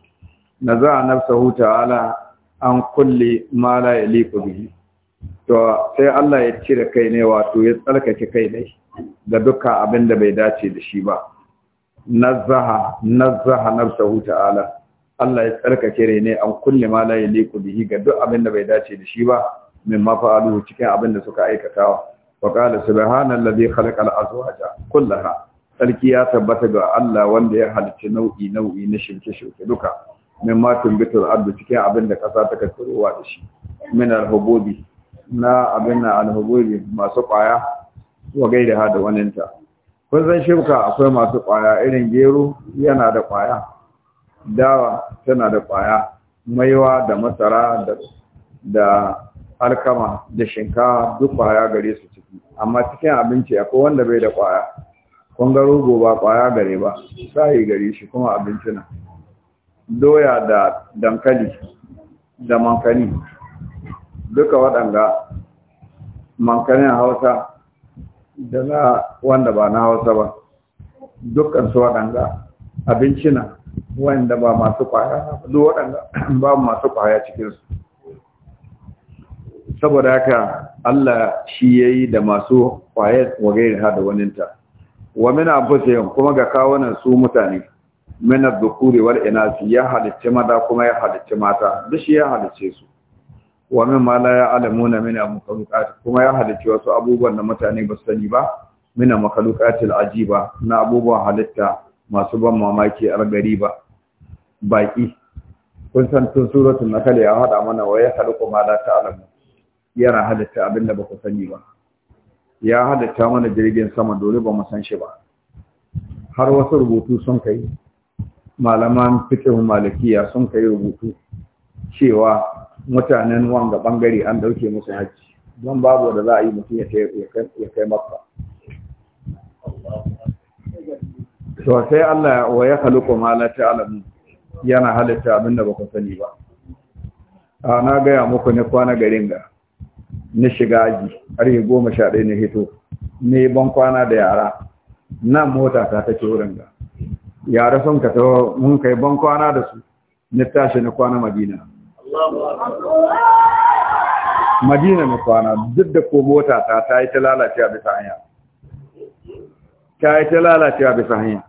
naza huta ala an kulle ma la liku bihi to sai Allah ya cire kai ne wato ya tsarkake kai ne da dukkan abin da bai dace da shi ba nazaha nazaha nafsuhu ta'ala Allah ya tsarkake rene an kulle ma la yaliku bihi ga duk abin da bai dace da shi ba min ma cikin abin da suka aikatawa wa qala subhanalladhi khalaqal azwaja kullaha sarki ya tabbata ga Allah wanda ya halicci nau'i nau'i na shirke shirke duka min ma tumbitul ardu cikin abin da kasa ta kaskarowa da shi min alhububi na abin na alhububi masu kwaya wa gaida da waninta kun san akwai masu ƙwaya irin gero yana da ƙwaya dawa tana da ƙwaya maiwa da masara da alkama da shinkawa duk ƙwaya gare su ciki amma cikin abinci akwai wanda bai da ƙwaya kun ga ba ƙwaya gare ba sai gare shi kuma abinci na doya da dankali da mankani duka waɗanda mankanin hausa da wanda ba na hausa ba dukkan su waɗanda abinci na wanda ba masu ƙwaya duk waɗanda ba masu ƙwaya cikinsu saboda haka Allah shi ya yi da masu ƙwayar wagayin da hada waninta wa mina abusayin kuma ga kawunan su mutane mina zukuri wal inasi ya halicci mata kuma ya halicci mata duk shi ya halicce su wa min ma la ya'lamuna min al-makhluqat kuma ya halicci wasu abubuwan da mutane ba su sani ba min al-makhluqat al-ajiba na abubuwan halitta masu ban mamaki ar gariba baki kun san tun suratul nahl ya hada mana wa ya halqu ma la ta'lamu yana halitta abinda ba ku sani ba ya halitta mana jirgin sama dole ba mu san shi ba har wasu rubutu sun kai malaman fiqh malikiya sun kai rubutu cewa mutanen wanga bangare an dauke musu haji don babu da za a yi mutum ya kai makka to sai Allah wa ya khaliqu ma la ta'lamu yana halitta abinda ba ku sani ba a na gaya muku ne kwana garin ga na shiga aji har yi goma sha ɗaya na hito ne ban kwana da yara nan mota ta take wurin ga yara sun ka ta mun kai ban kwana da su na tashi na kwana madina madina na kwana duk da ko mota ta ta yi ta lalacewa bisa hanya ta yi ta lalacewa bisa hanya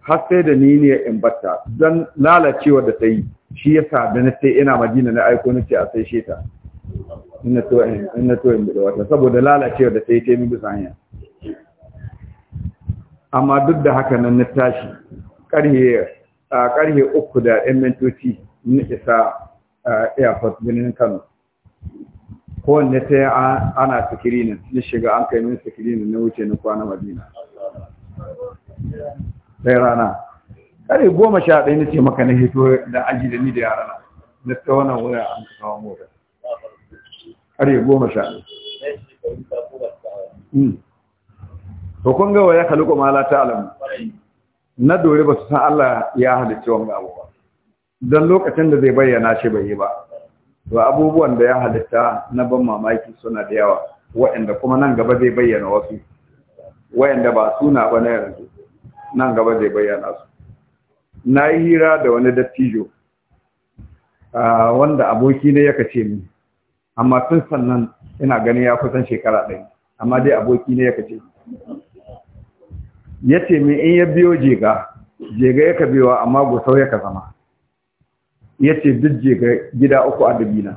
har sai da ni ne in batta don lalacewa da ta yi shi ya sa da na sai ina madina na aiko na a sai sheta ina to in bude wata saboda lalacewa da ta yi ta yi bisa hanya amma duk da haka nan na tashi karhe karhe uku da 'yan mintoci Ni isa airport birnin kano kowanne sai ana sikirinin na shiga an kai min sikirinin na wuce na kwana madina sai rana kare goma sha dai na ce maka na hito da aji da ni da yara na na tsawana wuri an ka kawo mota kare goma sha ɗaya hmm. to kun ga waya kaluko ma la ta'lamu na dore ba su san Allah ya halicci wannan abu ba don lokacin da zai bayyana shi bai yi ba to abubuwan da ya halitta na ban mamaki suna da yawa waɗanda kuma nan gaba zai bayyana wasu waɗanda ba suna ba na yanzu nan gaba zai bayyana su na yi hira da wani dattijo wanda aboki ne yaka ce min amma tun sannan ina gani ya kusan shekara ɗaya amma dai aboki ne yaka ce ya ce min in ya biyo jega jega yaka biyo amma gusau yaka zama yace dijje ga gida uku a dabina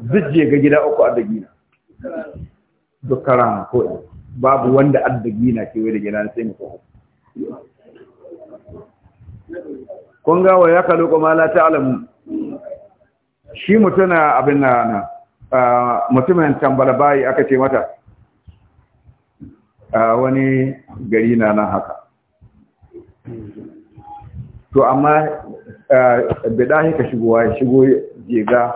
dijje ga gida uku a dabina duk rana ko babu wanda a dabina ke wai da gida sai mu ko kun ga wa ya kaluku ma la ta'lamu shi mutuna abin na mutumin tambala bayi aka ce mata a wani gari na nan haka to amma Eh, bida ka shigo ya shigo jega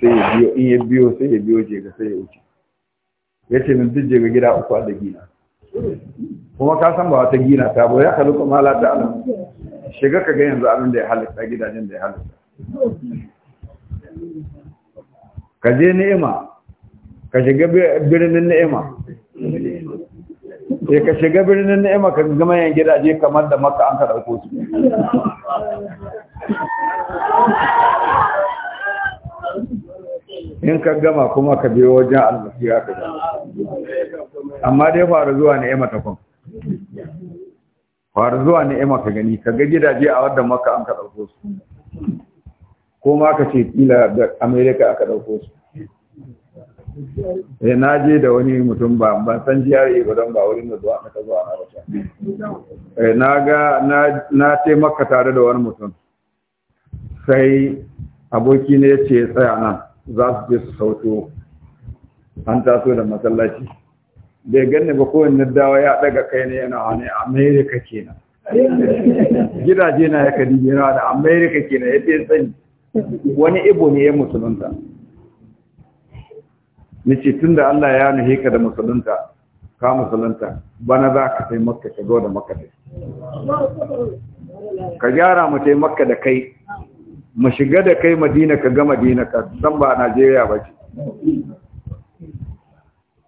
sai ya biyo in ya biyo sai ya biyo jega sai ya wuce ya ce min duk jega gida uku a da gina kuma ka san ba wata gina ta bo ya kalu kuma halata ala shiga ka ga yanzu abin da ya halitta gidajen da ya halitta ka je ni'ima ka shiga birnin ni'ima sai eh, ka shiga birnin ni'ima ka gama yan gidaje kamar da maka an ka dauko su in ka gama kuma ka biyo wajen almasiya ka gama amma dai faru zuwa ni'ima ta kun faru zuwa ni'ima ka gani ka ga gidaje a wadda maka an ka ɗauko su ko ma ka ce kila da amerika aka ɗauko su ya eh, na je da wani mutum ba ban san jiyari ba don ba wurin da zuwa na ta zuwa na rasha eh, na ga na taimaka tare da wani mutum sai aboki ne ya ce tsaya nan za su je su sauto an taso da masallaci bai ganni ba kowanne dawa ya daga kai ne yana wani amerika kenan gidaje na ya kadi yana da amerika kenan ya ce sani wani ibo ne ya musulunta tun da Allah ya nuhe ka da musulunta ka musulunta bana za ka sai makka ka zo da makka ka gyara mu sai makka da kai mu shiga da kai madina ka ga madina ka san ba najeriya ba ce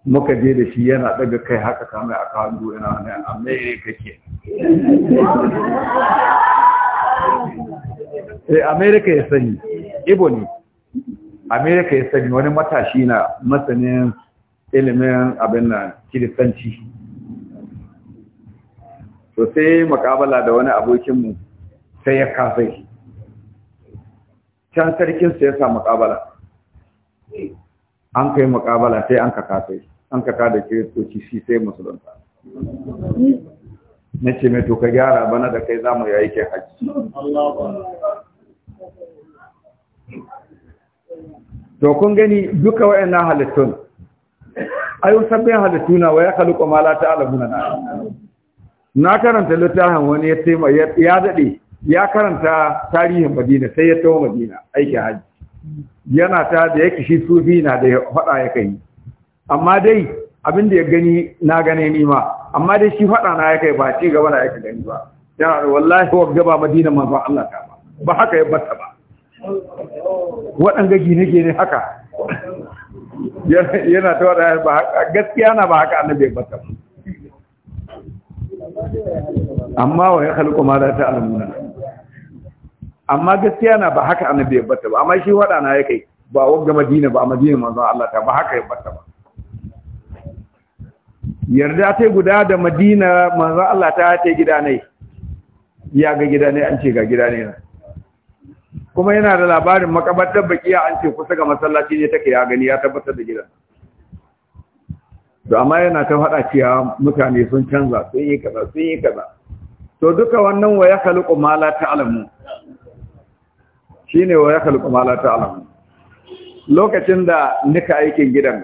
muka je da shi yana daga kai haka kamar a kawo yana ne ka ke sai eh, amerika ya sani ibo ne amerika ya sani wani matashi na masanin ilimin abin na kiristanci to sai makabala da wani abokinmu sai ya kasai can sarkin sa ya sa muƙabala an kai muƙabala sai an kaka sai an ke to kiristoci shi sai musulunta na ce mai to ka gyara bana da kai zamu yi aikin haji to kun gani duka wayannan halittun ayu sabbin halittuna na waya khaluqu ma la ta'lamuna na karanta littafin wani ya tema ya dade ya karanta tarihin madina sai ya taho madina aiki hajji yana ta da yake shi sufi na da faɗa ya kai amma dai abin da ya gani na gane ni ma amma dai shi faɗa na ya kai ba ci gaba na ya gani ba yana da wallahi wa gaba madina ba Allah ta ba ba haka ya bata ba waɗanga gine-gine haka yana ta waɗa ba gaskiya na ba haka annabi ya bata ba amma wa ya khalqu ma la ta alamuna amma gaskiya na ba haka annabi ya bata ba amma shi wada na yake ba ba wagga madina ba madina manzo Allah ta ba haka ya bata ba yarda ta guda da madina manzo Allah ta ta gida ne ya ga gida ne an ce ga gida ne kuma yana da labarin makabartar bakiya an ce kusa ga masallaci ne take ya gani ya tabbatar da gidan to amma yana ta faɗa cewa mutane sun canza sun yi kaza sun yi kaza to duka wannan wa ya ma la ta'lamu ne wa ya halittu ma la lokacin da nika aikin gidan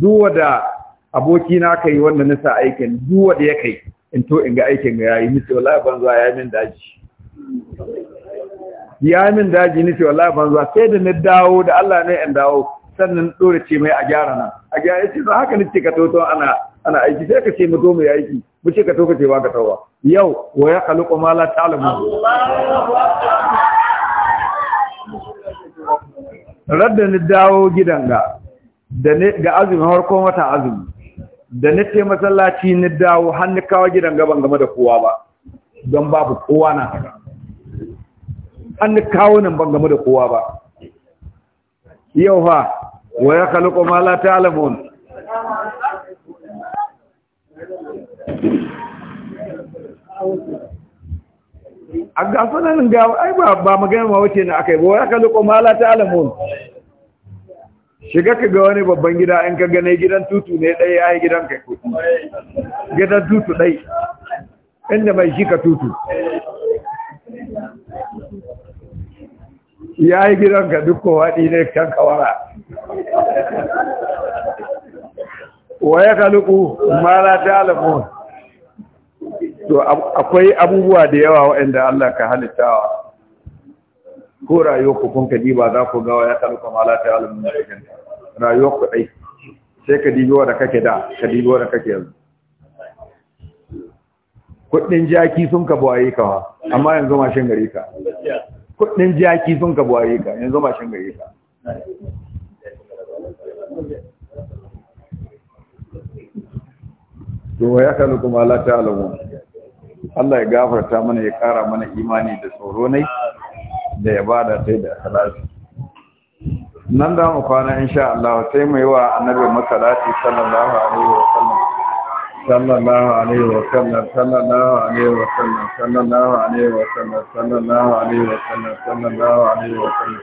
duwa da aboki na yi wanda nisa aikin duwa da ya kai in to in ga aikin ga yi nisa wallahi ban zuwa min daji ya min daji nisa wallahi ban zuwa sai da na dawo da Allah ne in dawo sannan dore ce mai a gyara nan a gyara ce ba haka ce ka toto ana ana aiki sai ka ce mu zo mu yi aiki mu ce ka to ka ce ba ka tawa yau wa ya khaluqu ma la ta'lamu Allahu akbar radda ni dawo gidan ga ga har harkon wata azumi da ni te masallaci ni dawo hannu kawo gidan gaban game da kowa ba don babu kowa na haka hannu kawo nan ban game da kowa ba yau ha wa ya kalu kuma la ta'lamun Thank you. a ga sunan ga ai ba ba magana ma wace ne akai ba wai aka luko mala ta alamun shiga ka ga wani babban gida in ka gane gidan tutu ne dai ai gidan kai gidan tutu dai inda mai shi ka tutu ya yi gidan ka duk kowaɗi ne kan kawara wa ya kaluku mala ta alamun to akwai abubuwa da yawa waɗanda Allah ka halittawa ko rayuwar ku kun kadi ba za ku gawa ya tsaruka malata ya alamun cikin rayuwar ku dai sai ka dibiwa da kake da ka dibiwa da kake yanzu kudin jaki sun ka buwaye ka wa amma yanzu mashin gare ka kudin jaki sun ka buwaye ka yanzu mashin gare ka to ya kalu kuma la ta alamun Allah ya gafarta mana ya kara mana imani da tsoro ne da ya bada sai da salati nan da mu kwana insha Allah sai mu yi wa annabi masallati sallallahu alaihi wa sallam sallallahu alaihi wa sallam sallallahu alaihi wa sallam sallallahu alaihi wa sallam sallallahu alaihi wa sallam sallallahu alaihi wa sallam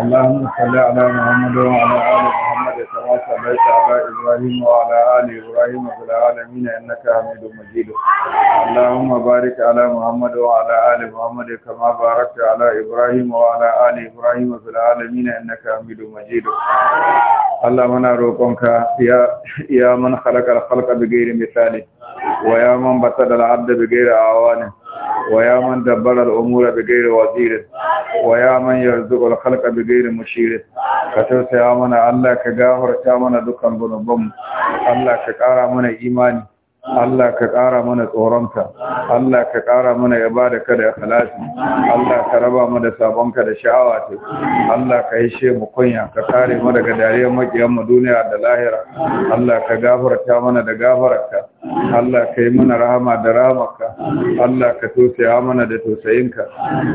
اللهم صل على محمد وعلى آل محمد كما صليت على إبراهيم وعلى آل إبراهيم في العالمين إنك حميد مجيد اللهم بارك على محمد وعلى آل محمد كما باركت على إبراهيم وعلى آل إبراهيم في العالمين إنك حميد مجيد اللهم نروقك يا يا من خلق الخلق بغير مثال ويا من بسط العبد بغير أعوانه ويا من دبر الأمور بغير وزير ويا من يرزق الخلق بغير مشير كتوسع منا الله كغافر تامنا دكان بنبم الله كقارا منا إيماني Allah ka ƙara mana tsoronka, Allah ka ƙara mana yaba da kada ya halasi, Allah ka raba mu da sabonka da sha'awa ta, Allah ka hishe mu kunya, ka kare mu daga dariyar makiyan mu duniya da lahira, Allah ka gafarta mana da gafararka, Allah ka yi mana rahama da rahamarka Allah ka tausaya mana da tausayinka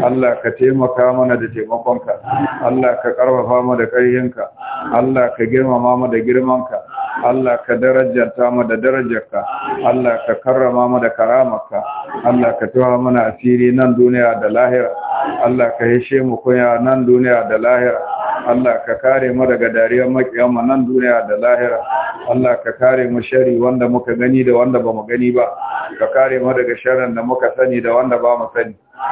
Allah ka taimaka mana da taimakonka Allah ka karfafa mana da ƙarfinka Allah ka girmama mana da girmanka Allah ka darajanta mu da darajarka Allah ka karrama mana da karamarka Allah ka tawa mana asiri nan duniya da lahira Allah ka hishe mu kunya nan duniya da lahira Allah ka kare mu daga dariyar makiyama nan duniya da lahira Allah ka kare mu shari wanda muka gani da wanda bamu gani ba ka kare mu daga sharrin da muka sani da wanda bamu sani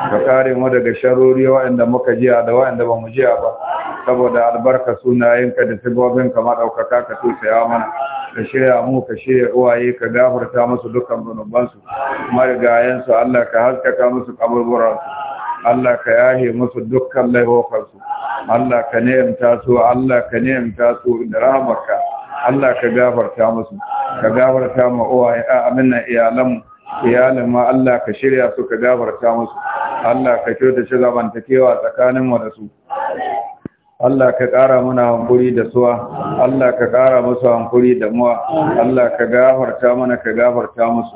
ka kare mu daga sharori waɗanda muka jiya da waɗanda bamu ji jiya ba saboda albarka sunayenka da ka madaukaka ka tusaya mana ka shirya mu ka shirya uwaye ka gafarta musu dukkan zunubansu marigayensu Allah ka haskaka musu kaburburansu Allah ka yahe musu dukkan laifofarsu Allah ka ni'imta su Allah ka ni'imta su da rahmarka Allah ka gafarta musu ka gafarta ma uwaye aminna iyalan iyalan ma Allah ka shirya su ka gafarta musu Allah ka shi zamantakewa tsakanin mu da su Allah ka ƙara mana hankuri da suwa Allah ka ƙara musu hankuri da muwa Allah ka gafarta mana ka gafarta musu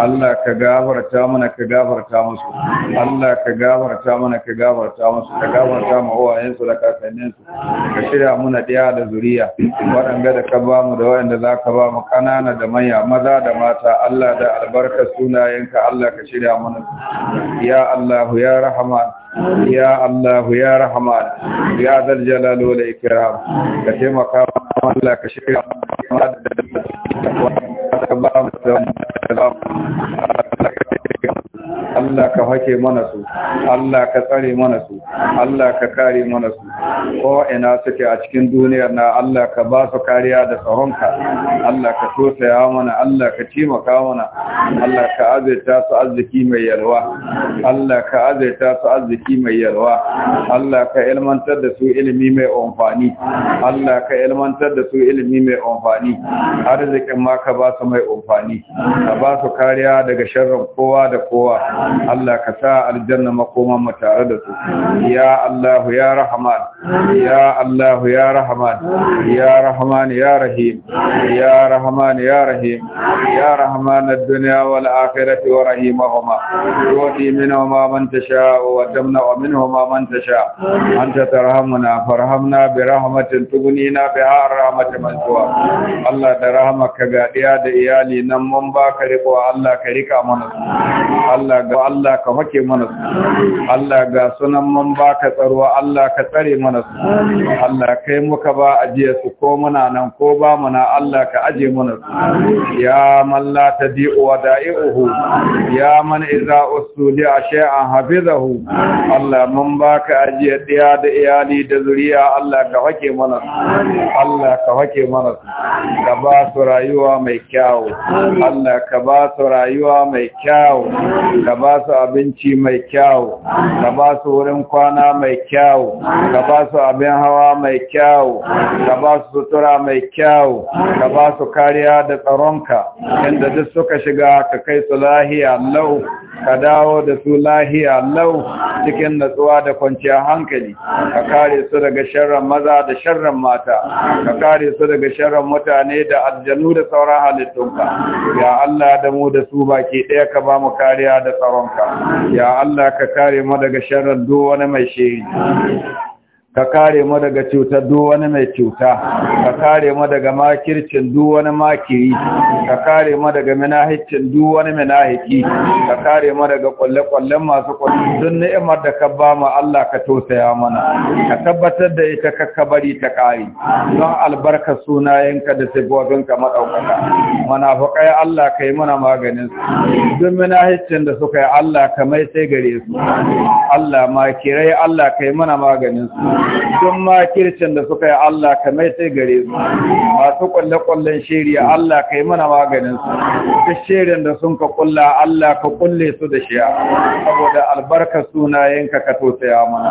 Allah ka gafarta mana ka gafarta musu Allah ka gafarta mana ka gafarta musu ka gafarta ma uwayensu da kakanninsu ka shirya muna ɗaya da zuriya waɗanda da ka ba mu da waɗanda za ka ba mu ƙanana da manya maza da mata Allah da albarkar sunayenka Allah ka shirya mana ya Allah ya rahama يا الله يا رحمن يا ذا الجلال والإكرام كثير مقام الله كشير الله Allah ka hake mana su Allah ka tsare mana su Allah ka kare mana su ko ina suke a cikin duniyar na Allah ka ba su kariya da tsohonka, Allah ka tosaya mana Allah ka taimaka mana Allah ka azaita su arziki mai yalwa Allah ka azaita su arziki mai yalwa Allah ka ilmantar da su ilimi mai amfani Allah ka ilmantar da su ilimi mai amfani arzikin ma ka ba su mai amfani ka ba su kariya daga sharrin kowa da kowa Allah ka sa aljanna makoman mu tare da su ya Allah ya rahman ya Allah ya rahman ya rahman ya rahim ya rahman ya rahim ya rahman ad-dunya wal akhirati wa rahimahuma tuwati minhuma man tasha wa tamna minhuma man tasha anta tarhamuna farhamna bi rahmatin tughnina biha rahmatin man tuwa Allah da rahmaka ga da iyali nan mun baka riko Allah ka rika mana Allah ga Allah ka hake mana su Allah ga sunan man baka tsaro Allah ka tsare mana su Allah kai muka ba ajiye su ko muna nan ko ba muna Allah ka aje mana su ya man la tadi'u wa da'i'uhu ya man idza usudi shay'an hafizahu Allah man baka ajiye diya da iyali da zuriya Allah ka hake mana su Allah ka hake mana su ka ba su rayuwa mai kyau Allah ka ba su rayuwa mai kyau ka ba su abinci mai kyau ka ba su wurin kwana mai kyau ka ba su abin hawa mai kyau ka ba su sutura mai kyau ka ba su kariya da tsaronka inda duk suka shiga ka kai su lahiya lau ka dawo da su lahiya lau cikin natsuwa da kwanciyar hankali ka kare su daga sharran maza da sharran mata ka kare su daga sharran mutane da aljanu da sauran halittunka ya Allah da mu da su baki ɗaya ka ba mu kariya da tsaronka ya Allah ka kare mu daga sharrin duk wani mai shiri ka kare mu daga cutar duk wani mai cuta ka kare mu daga makircin duk wani makiri ka kare mu daga minahicin duk wani minahiki ka kare mu daga kwalle-kwallen masu kullu don ni'imar da ka ba mu Allah ka tausaya mana ka tabbatar da ita ka kabari ta kare don albarka sunayenka da sifofinka madaukaka mana fukai Allah ka yi mana maganin su duk minahicin da suka yi Allah ka mai sai gare su Allah makirai Allah ka yi mana maganin su don makircin da suka yi Allah ka mai sai gare su masu kwalle-kwallen shiri Allah ka yi mana maganin su duk shirin da sun ka kulla Allah ka kulle su da shiya saboda albarka sunayenka ka tausaya mana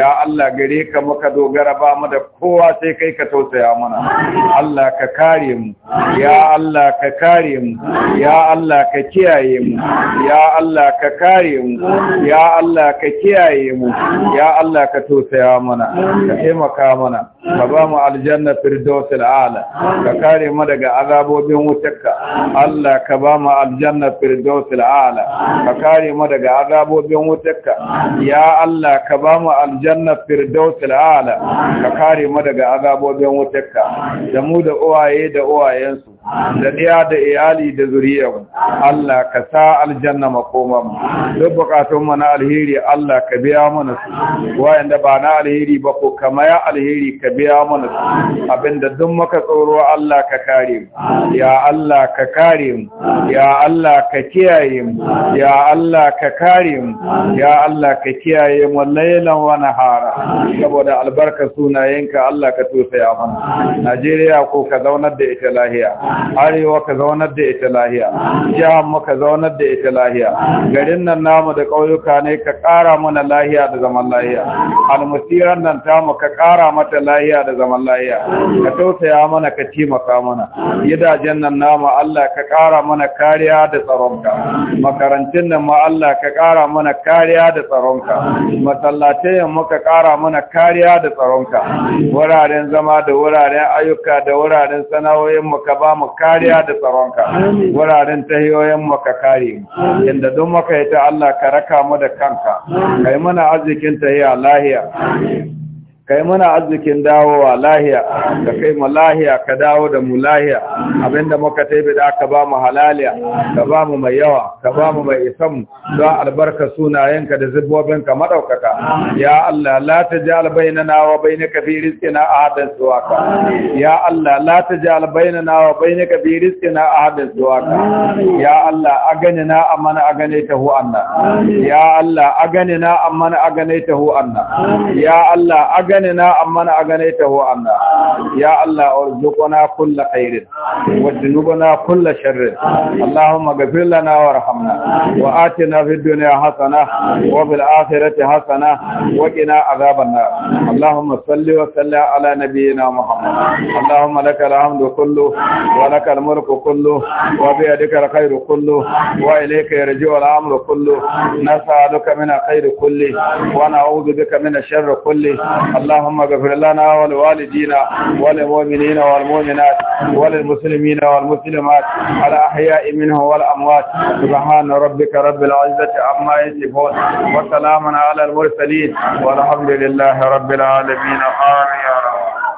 ya Allah gare ka muka dogara ba mu da kowa sai kai ka tausaya mana Allah ka kare mu ya Allah ka kare mu ya Allah ka kiyaye mu ya Allah ka kare mu ya Allah ka kiyaye mu ya Allah ka tausaya mana mana ka taimaka mana ka ba mu aljanna firdausil ala ka kare mu daga azabobin wutarka Allah ka ba mu aljanna firdausil ala ka kare mu daga azabobin wutarka ya Allah ka ba mu aljanna firdausil ala ka kare mu daga azabobin wutarka da mu da uwaye da uwayensu da ɗaya da iyali da zuriyar Allah ka sa aljanna makoman duk bukatun mu na alheri Allah ka biya mana su wayanda ba na alheri alheri ba ko kama ya alheri ka biya mana su abinda duk maka tsoro Allah ka kare mu ya Allah ka kare mu ya Allah ka kiyaye mu ya Allah ka kare mu ya Allah ka kiyaye mu lailan wa nahara saboda albarka sunayenka Allah ka tosaya mana Najeriya ko ka zaunar da ita lahiya arewa ka zaunar da ita lahiya jihar mu ka zaunar da ita lahiya garin nan namu da ƙauyuka ne ka ƙara mana lahiya da zaman lahiya almusiran ƙasan mu ka ƙara mata lahiya da zaman lahiya ka tausaya mana ka taimaka mana gidajen nan namu Allah ka ƙara mana kariya da tsaronka makarantun nan ma Allah ka ƙara mana kariya da tsaronka masallatai mu ka kara mana kariya da tsaronka wuraren zama da wuraren ayyuka da wuraren sana'o'in mu ka ba mu kariya da tsaronka wuraren tahiyoyin mu ka kare mu inda duk muka yi ta Allah ka raka mu da kanka kai mana arzikin tahiya lahiya kai muna arzikin dawowa lahiya ka kai mu lahiya ka dawo da mu lahiya abinda muka taibi da ka ba mu halaliya ka ba mu mai yawa ka ba mu mai isan don albarka sunayenka da ka madaukaka ya Allah la tajal bainana wa bainaka fi rizqina ahadan suwaka ya Allah la tajal bainana wa bainaka fi rizqina ahadan suwaka ya Allah aganina amana aganaitahu anna ya Allah aganina amana aganaitahu anna ya Allah aganina ganina amma na gane ta ho Allah ya Allah arzuqana kull khairin wa dunubana kull sharrin Allahumma ghfir lana warhamna wa atina fid dunya hasana wa fil akhirati hasana wa qina adhaban Allahumma salli wa salli ala nabiyyina Muhammad Allahumma lakal hamdu kullu wa lakal mulku kullu wa bi yadika alkhairu kullu wa ilayka yarju al-amru kullu nas'aluka min alkhairi kulli wa na'udhu bika min ash-sharri kulli اللهم اغفر لنا ولوالدينا وللمؤمنين والمؤمنات وللمسلمين والمسلمات الأحياء منه والأموات سبحان ربك رب العزة عما يصفون وسلام على المرسلين والحمد لله رب العالمين آمين يا رب